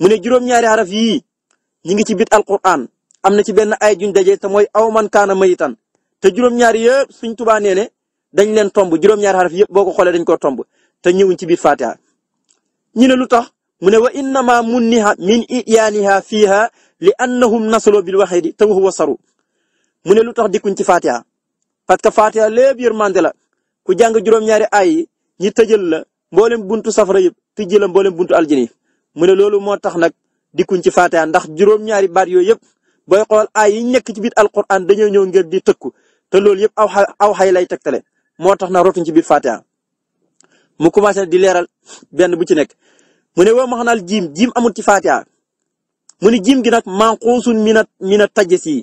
mu ne juróom-ñaari xaraf yii ñi ngi ci bit alquran am na ci benn ay juñ daje te mooy aw man kaana mayitan te juróom-ñaari yëpp suñ tubaa nee ne dañ leen tomb juróom-ñaari xaraf yëpp boo ko xoolee dañ ko tomb te ñëwuñ ci biir Fatiha ñu ne lu tax mu ne wa innama munniha min iyaaniha fiiha li an annahum nasaloo bil waxidi te waxu wasaru mu ne lu tax dikkuñ ci Fatiha parce que Fatiha lépp yërmande la ku jàng juróom-ñaari ay yi ñi tëjal la mboolem buntu safara yëpp tijji la mboolem buntu aljini mu ne loolu moo tax nag dikkuñ ci Fatiha ndax juróom-ñaari baat yooyu yëpp booy xool ay yi ci biir alquran dañoo ñëw ngir di tëkku te loolu yëpp aw aw xay lay tegtale moo tax na rotuñ ci biir Fatiha. mu commencé di leeral benn bu ci nekk mu ne woo ma xanaa jiim jiim amul ci Fatiha mu ne jiim gi nag manquusun mina mina tajjis yi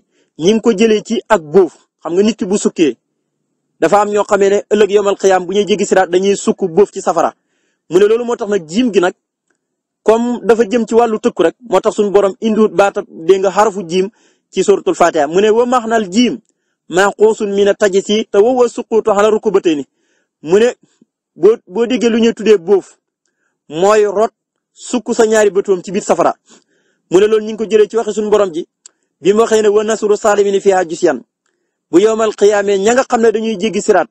ñi ngi ko jëlee ci ak boof xam nga nit ki bu sukkee dafa am ñoo xamee ne ëllëg yomal xiyaam bu ñuy jéggi siraat dañuy sukk boof ci safara mu ne loolu moo tax nag jiim gi nag comme dafa jëm ci wàllu tëkku rek moo tax suñu borom indiwut baatab dégg nga xarafu jiim ci suratul Fatiha mu ne woo ma xanaa jiim manquusun mina tajjis yi te woo woo suquutu xala rukubatayni mu ne boo boo déggee lu ñuy tuddee boof mooy rot sukk sa ñaari bëtoom ci biir safara mu ne loolu ñu ngi ko jëlee ci waxe suñu borom ji bi mu waxee ne wa nasru saalimiin fiha jusyan bu yowmal qiyaamee ña nga xam ne dañuy jéggi siraat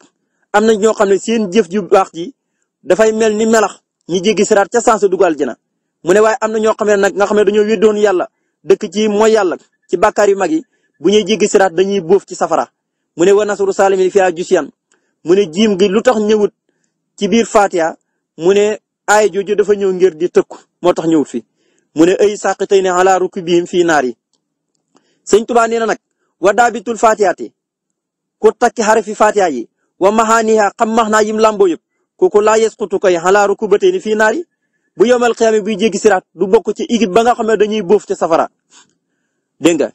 am na ñoo xam ne seen jëf ju baax ji dafay mel ni melax ñi jéggi siraat ca sans dugal jina mu ne waaye am na ñoo xam ne nag nga xam ne dañoo weddoon yàlla dëkk ci mooy yàlla ci bàkkaar yu mag yi bu ñuy jéggi siraat dañuy boof ci safara mu ne wa nasru saalimiin fiha jusyan mu ne gi lu tax ñëwut ci biir Fatiha mu ne aay jooju dafa ñëw ngir di tëkku moo tax ñëwut fi mu ne ay sàq tey ne ala rukubihim fii naar yi sëñ Tuubaa na nag wa daabitul Fatihati ko takki xarafi Fatiha yi wa maxaaniha xam max naa yim làmboo yëpp kooku laa yesqutu koy ala rukubatayni fii naar yi bu yomal xiyaame buy jéggi siraat du bokk ci équipe ba nga xam ne dañuy bóof ca safara dégg nga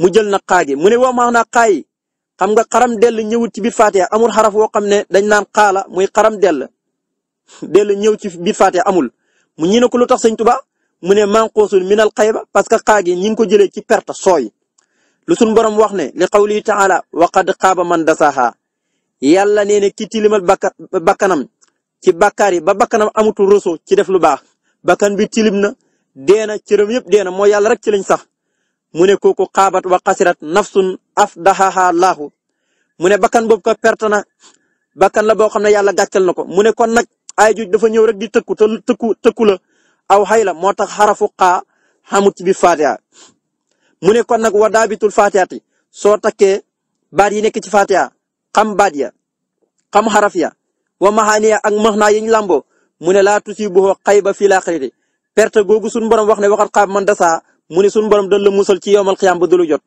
mu jël na xaagi mu ne wa max naa xaay xam nga xaram dell ñëwut ci biir faate amul xaraf woo xam ne dañ naan kaala muy xaram dell dell ñëw ci biir Fatiha amul mu ñi ne ko lu tax sëñ Tuba mu ne manquusun minal xayba parce que xaa gi ñi ngi ko jëlee ci perte sooy lu suñ borom wax ne li qawli taala wa qad xaaba man dasaaha yàlla nee ne ki tilimal bakka bakkanam ci bakkaar yi ba bakkanam amutul roso ci def lu baax bakkan bi tilim na deena cëram yëpp deena moo yàlla rek ci lañ sax mu ne kooku xaabat wa xasirat nafsun afdahaha laahu mu ne bakkan boobu ko perte na bakkan la boo xam ne yàlla gàccal na ko mu ne kon nag ay juj dafa ñëw rek di tëkku te tëkku tëkku la aw xay la moo tax xarafu xaa xamut ci biir Fatiha mu ne kon nag wa daabitul Fatihati soo takkee baat yi nekk ci Fatiha xam baat ya xam xaraf ya wa maxaaniya ak maxnaa yi ñu làmboo mu ne laa tusiibuhu ba fil aaxirati perte googu suñu borom wax ne waxat xaab man dasaa mu ne suñu borom dal la musal ci yowmal xiyaam ba du jot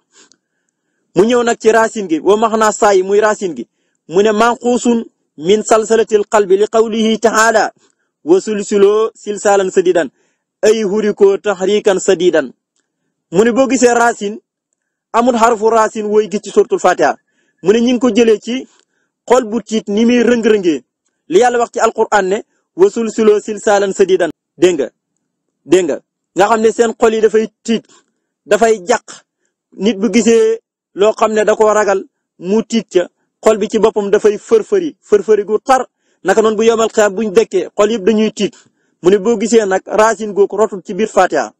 mu ñëw nag ci racine gi wo max naa saa yi muy racine gi mu ne manquusun min salsalatil qalbi li qawlihi taala wa sulsuloo silsaalan sadidan ay hurikoo tahrikan sadidan mu ne boo gisee racine amul xarfu racine wooy ci suratul fatiha mu ne ñi ngi ko jëlee ci xol bu tiit ni muy rëng-rëngee li yàlla wax ci alquran ne wa sulsuloo silsaalan sadidan dégg nga dégg nga nga xam ne seen xol yi dafay tiit dafay jàq nit bu gisee loo xam ne da koo ragal mu tiit ca xol bi ci boppam dafay fërfëri fërfëri gu tar naka noon bu yomal xeer buñ dekkee xol yëpp dañuy tiit mu ne boo gisee nag racine googu rotul ci biir Fatiha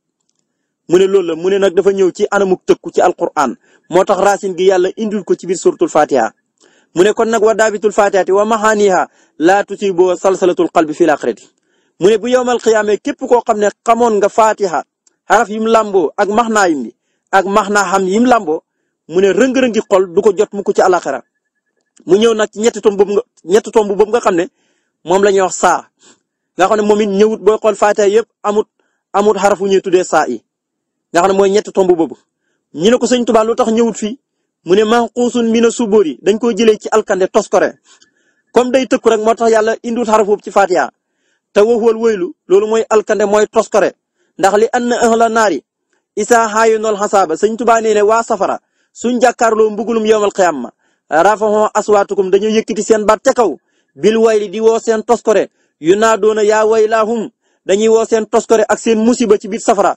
mu ne loolu la mu ne nag dafa ñëw ci anamuk tëkku ci alquran moo tax rasin gi yàlla indul ko ci biir suratul Fatiha mu ne kon nag wa daabitul Fatihati wa maxaaniha laa tusibu salsalatul qalbi fil aaxirati mu ne bu yowmal xiyaamee képp koo xam ne xamoon nga faatiha xaraf yim làmboo ak maxnaayim bi ak maxnaaxam yim làmboo mu ne rëng-rëngi xol du ko jot mu ko ci alaxira mu ñëw nag ci ñetti tomb boobu nga ñetti tomb boobu nga xam ne moom la ñuy wax saa nga xam ne moom it ñëwut booy xool faatiha yëpp amut amut xarafu ñuy tuddee saa i nga xam ne mooy ñetti tomb boobu ñu ne ko sëñ Tuubaa lu tax ñëwut fii mu ne manquusun mina subóor yi dañ koo jëlee ci alkande toskore comme day tëkku rek moo tax yàlla indiwut xaraf boobu ci faatiha te waxuwal waylu loolu mooy alkande mooy toskore ndax li an na ahla naari isaa xaayu nool xasaaba sëñ tubaa nee ne waa safara suñ jàkkaarloo mbugulum yowmal qiyaama rafaxoo aswaatukum dañoo yëkkati seen baat ca kaw bil wayli di woo seen toskore yu naa doona yaa waylahum dañuy woo seen toskore ak seen musiba ci biir safara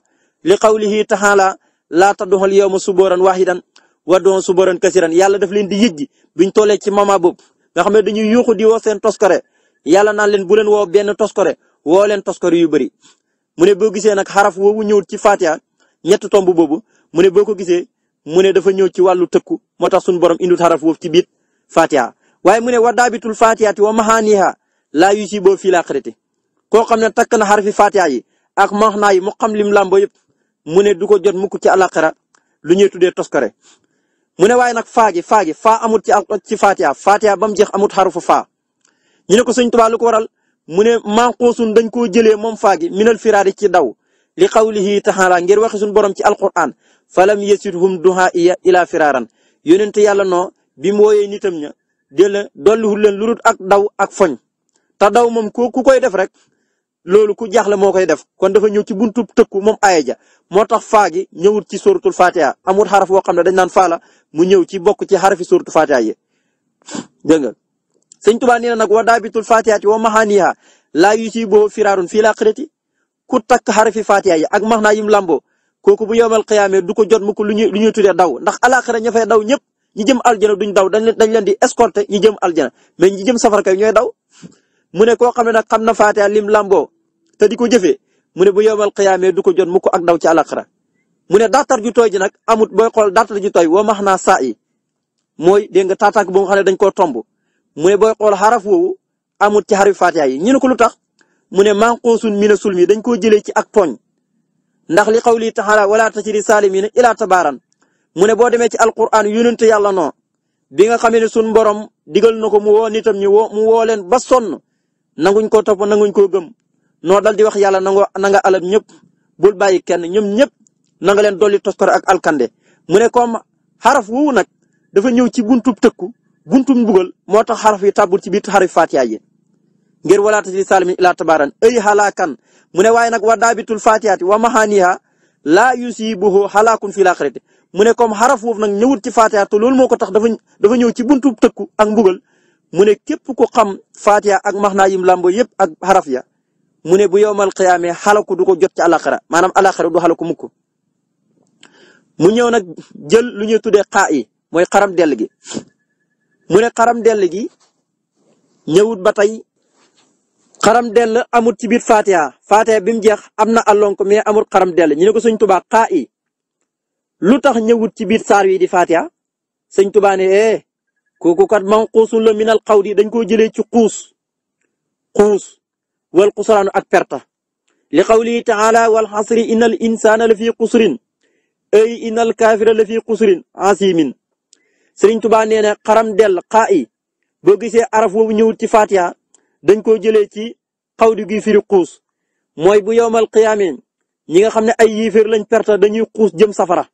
li la qawlihi taxaala laa tadduxal yowma subooran waaxidan wa doon subooran kasiran yàlla daf leen di yëjji buñ tollee ci mama boobu nga xam ne dañuy yuuxu di woo seen toskore yàlla naan leen bu leen woo benn toskore woo leen toskore yu bëri mu ne boo gisee nag xaraf woowu ñëw ci Fatiha ñett tomb boobu mu ne boo ko gisee mu ne dafa ñëw ci wàllu tëkku moo tax suñu borom indut xaraf woowu ci biir Fatiha waaye mu ne wa daabitul Fatihati wo maxaaniha laa yu si bo fii laa xarite koo xam ne takk na xarafi Fatiha yi ak maxnaa yi mu xam lim làmbo yëpp mu ne du ko jot mukk ci alaxira lu ñuy tuddee toskore mu ne waaye nag faa gi faa gi faa amut ci ci Fatiha ba mu jeex amut xarufu faa ñu ne ko sëñ Tuubaa lu ko waral mu ne manquusun dañ koo jëlee moom faagi minal firaari ci daw li li qawlihi taxaala ngir waxe suñu borom ci alquran falam yesidhum duha iya ila firaaran yonent yàlla noo bi mu wooyee nitam ña délla dolliwul leen lu dul ak daw ak foñ te daw moom ku koy def rek loolu ku jaaxle moo koy def kon dafa ñëw ci buntub tëkku moom aaya ja moo tax faa gi ñëwut ci suratul fatiha amul xaraf woo xam ne dañ naan faala mu ñëw ci bokk ci xarafi suratul fatiha sëñ Tuubaa nee na nag wa daabitul faatihaati wa maxaaniha laa yusiibuhu firaarun fii laaxirati ku takk xarafi faatiha yi ak maxnaa yim làmboo kooku bu yowmal xiyaamee du ko jot mukk lu ñuy lu ñuy tuddee daw ndax alaaxira ña fay daw ñëpp ñi jëm aljana duñ daw dañ leen dañ leen di escorter ñi jëm aljana mais ñi jëm safara kay ñooy daw mu ne koo xam ne nag xam na faatiha lim làmboo te di ko jëfee mu ne bu yowmal xiyaamee du ko jot mukk ak daw ci alaaxira mu ne daatar ju tooy ji nag amut boy xool daatar ju tooy wa max naa saa yi mooy dégg nga taataak bu xam ne dañ koo tomb mu ne booy xool xaraf woowu amul ci xarfi fatiha yi ñu ne ko lu tax mu ne manqoosun mina sulmi dañ koo jëlee ci ak tooñ ndax li xawli taxala wala tajri saalimiina ilaa tabaaran mu ne boo demee ci alquran yónnante yàlla noo bi nga xamee ne sunu borom digal na ko mu woo nitam ñu woo mu woo leen ba sonn nanguñ koo topp nanguñ koo gëm noo dal di wax yàlla nangoo na nga alal ñëpp bul bàyyi kenn ñoom ñëpp na nga leen dolli toskor ak alkande mu ne comme xaraf woowu nag dafa ñëw ci buntub tëkku buntu mbugal moo tax xaraf yi tàbbul ci biir xaraf fatiha yi ngir walaata ci salimin ila tabaran ay halakan mu ne waaye nag wa daabitul fatihati wa mahaniha laa yusibuhu halakun fil axirati mu ne comme xaraf woofu nag ñëwut ci fatiha te loolu moo ko tax dafa dafa ñëw ci buntu tëkku ak mbugal mu ne képp ku xam fatiha ak maxnaa yim lambo yëpp ak xaraf ya mu ne bu yowmal qiyaamee xalaku du ko jot ci alaxira maanaam alaxira du xalaku mukk mu ñëw nag jël lu ñuy tuddee xaa yi mooy xaram dell gi mu ne xaram dell gi ñëwut ba tey xaram dell amut ci biir Fatiha Fatiha bi mu jeex am na àllonk mais amul xaram dell ñu ne ko sëñ Tuubaa xaa lu tax ñëwut ci biir saar wi di Fatiha sëñ Tuubaa ne eh kooku kat manquusun la minal xawdi dañ koo jëlee ci xuus xuus wal xusraanu ak perta li qawlihi taala wal xasri innal insaana la fi xusrin ay innal kaafira la fi xusrin Sëriñ Tuubaa nee na xaram dell xaa yi boo gisee araf woowu ñëwut ci Fatiha dañ koo jëlee ci xawdi gi firi xuus mooy bu yowmal qiyaameen ñi nga xam ne ay yiiféer lañ perte dañuy xuus jëm safara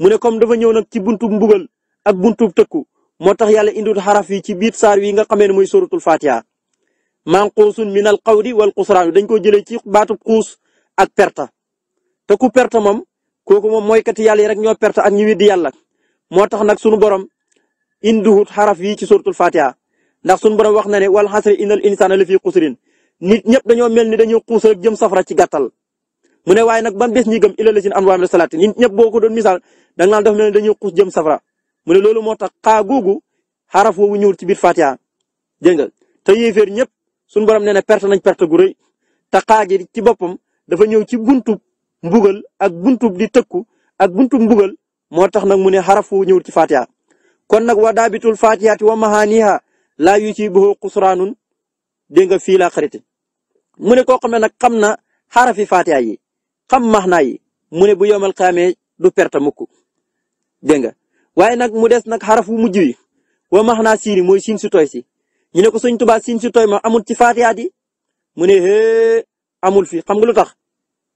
mu ne comme dafa ñëw nag ci buntub mbugal ak buntub tëkku moo tax yàlla indut xaraf yi ci biir saar wi nga xamee ne mooy suratul Fatiha manquusun minal xawdi wal xusraan dañ koo jëlee ci baatub xuus ak perte te ku perte moom kooku moom mooy kat yi rek ñoo perte ak ñu yàlla moo tax nag sunu borom indiwut xaraf yi ci suratul fatiha ndax sunu baram wax na ne wal xasri innal insaana la fi xusrin nit ñëpp dañoo mel ni dañuy xuus rek jëm safara ci gàttal mu ne waaye nag ban bés ñi gëm ilal la sin am waamil salaati nit ñëpp boo ko doon misaal da nga naan dafa mel ni dañuy xuus jëm safara mu ne loolu moo tax xaa googu xaraf woowu ñëwul ci biir fatiha dégg nga te yéeféer ñëpp sunu borom nee na perte nañ perte gu rëy te xaa gi ci boppam dafa ñëw ci buntu mbugal ak buntu di tëkku ak buntu mbugal moo tax nag mu ne xaraf woowu ci fatiha kon nag wa daabitul faatihati wa mahaaniha laa yusiibuhu xusraanun dégg nga fii laa xarite mu ne koo xam ne nag xam na xarafi faatiha yi xam maxnaa yi mu ne bu yomal xaamee du perte mukk dégg nga waaye nag mu des nag xaraf wu mujj yi wa maxnaa siiri mooy siin si tooy si ñu ne ko sëñ Tuubaa siin si tooy ma amul ci faatiha yi mu ne hee amul fi xam nga lu tax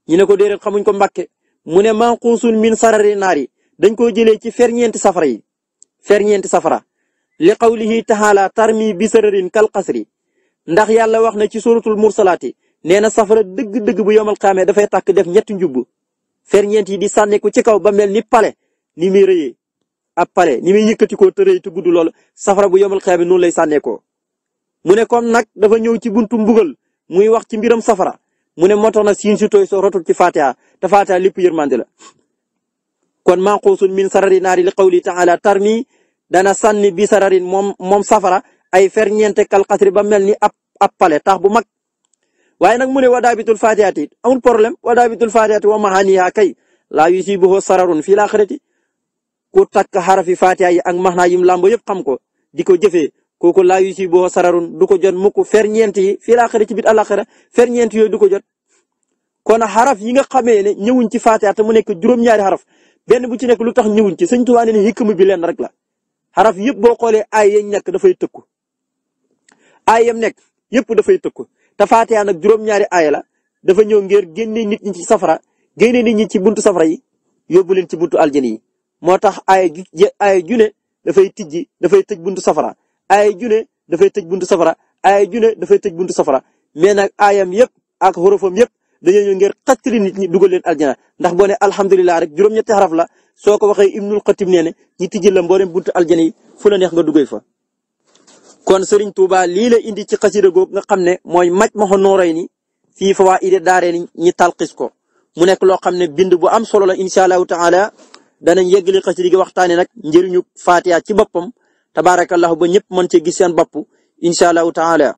ñu ne ko déedéet xamuñ ko mbàkke mu ne manquusun min sarari naar yi dañ koo jëlee ci ferñeenti safara yi ferñeenti safara li qawlihi taala tarmi bi sararin kal qasri ndax yàlla wax na ci suratul mursalaati nee na safara dëgg-dëgg bu yomal xaamee dafay tàkk def ñetti njubb ferñeent yi di sànneeku ci kaw ba mel ni pale ni muy rey a pale ni muy yëkkati ko te rëy te gudd lool safara bu yomal xaamee noonu lay sànneekoo mu ne kon nag dafa ñëw ci buntu mbugal muy wax ci mbiram safara mu ne moo na siin si tooy soo rotul ci Fatiha te Fatiha lépp yërmande la kon maa xuusun dana sànni bi sararin moom moom safara ay kal kalxasri ba mel ni ab ab pale tax bu mag waaye nag mu ne wadaabitul faatihaati amul problème wadaabitul faatihaati wa maxaaniha kay laa yusibuhu sararun fii laaxirati ku takk xarafi faatiha yi ak maxnaa yim làmb yëpp xam ko di ko jëfee kooku laa yusibuhu sararun du ko jot mukk ferñeent yi fii ci bit alaxira ferñeent yooyu du ko jot kon xaraf yi nga xamee ne ñëwuñ ci faatiha mu nekk juróom-ñaari xaraf benn bu ci nekk lu tax ñëwuñ ci sëñ Tuubaa ne hikma bi lenn rek la xaraf yëpp boo xoolee ay yañ nekk dafay tëkku ay yam nekk yëpp dafay tëkku te Faatiha nag juróom-ñaari aaya la dafa ñëw ngir génne nit ñi ci safara génne nit ñi ci buntu safara yi yóbbu leen ci buntu aljana yi moo tax ay ju aaya dafay tijji dafay tëj buntu safara aaya ju dafay tëj buntu safara aaya ju dafay tëj buntu safara mais nag aayam yëpp ak xorofam yëpp dañoo ñëw ngir xattali nit ñi dugal leen aljana ndax boo ne alhamdulilah rek juróom-ñetti xaraf la soo ko waxee Ibnul Xatim nee na ñi tijji la mboolem buntu aljana yi fu la neex nga dugee fa. kon Serigne Touba lii la indi ci xasida googu nga xam ne mooy Majmahun Nurayni fii Fawaa'idi Daarayni ñi talxis ko mu nekk loo xam ne bind bu am solo la incha allahu taala danañ yeggali xasida gi waxtaanee nag njëriñu Faatiha ci boppam tabaarakallahu ba ñëpp mën cee gis seen bopp incha allahu taala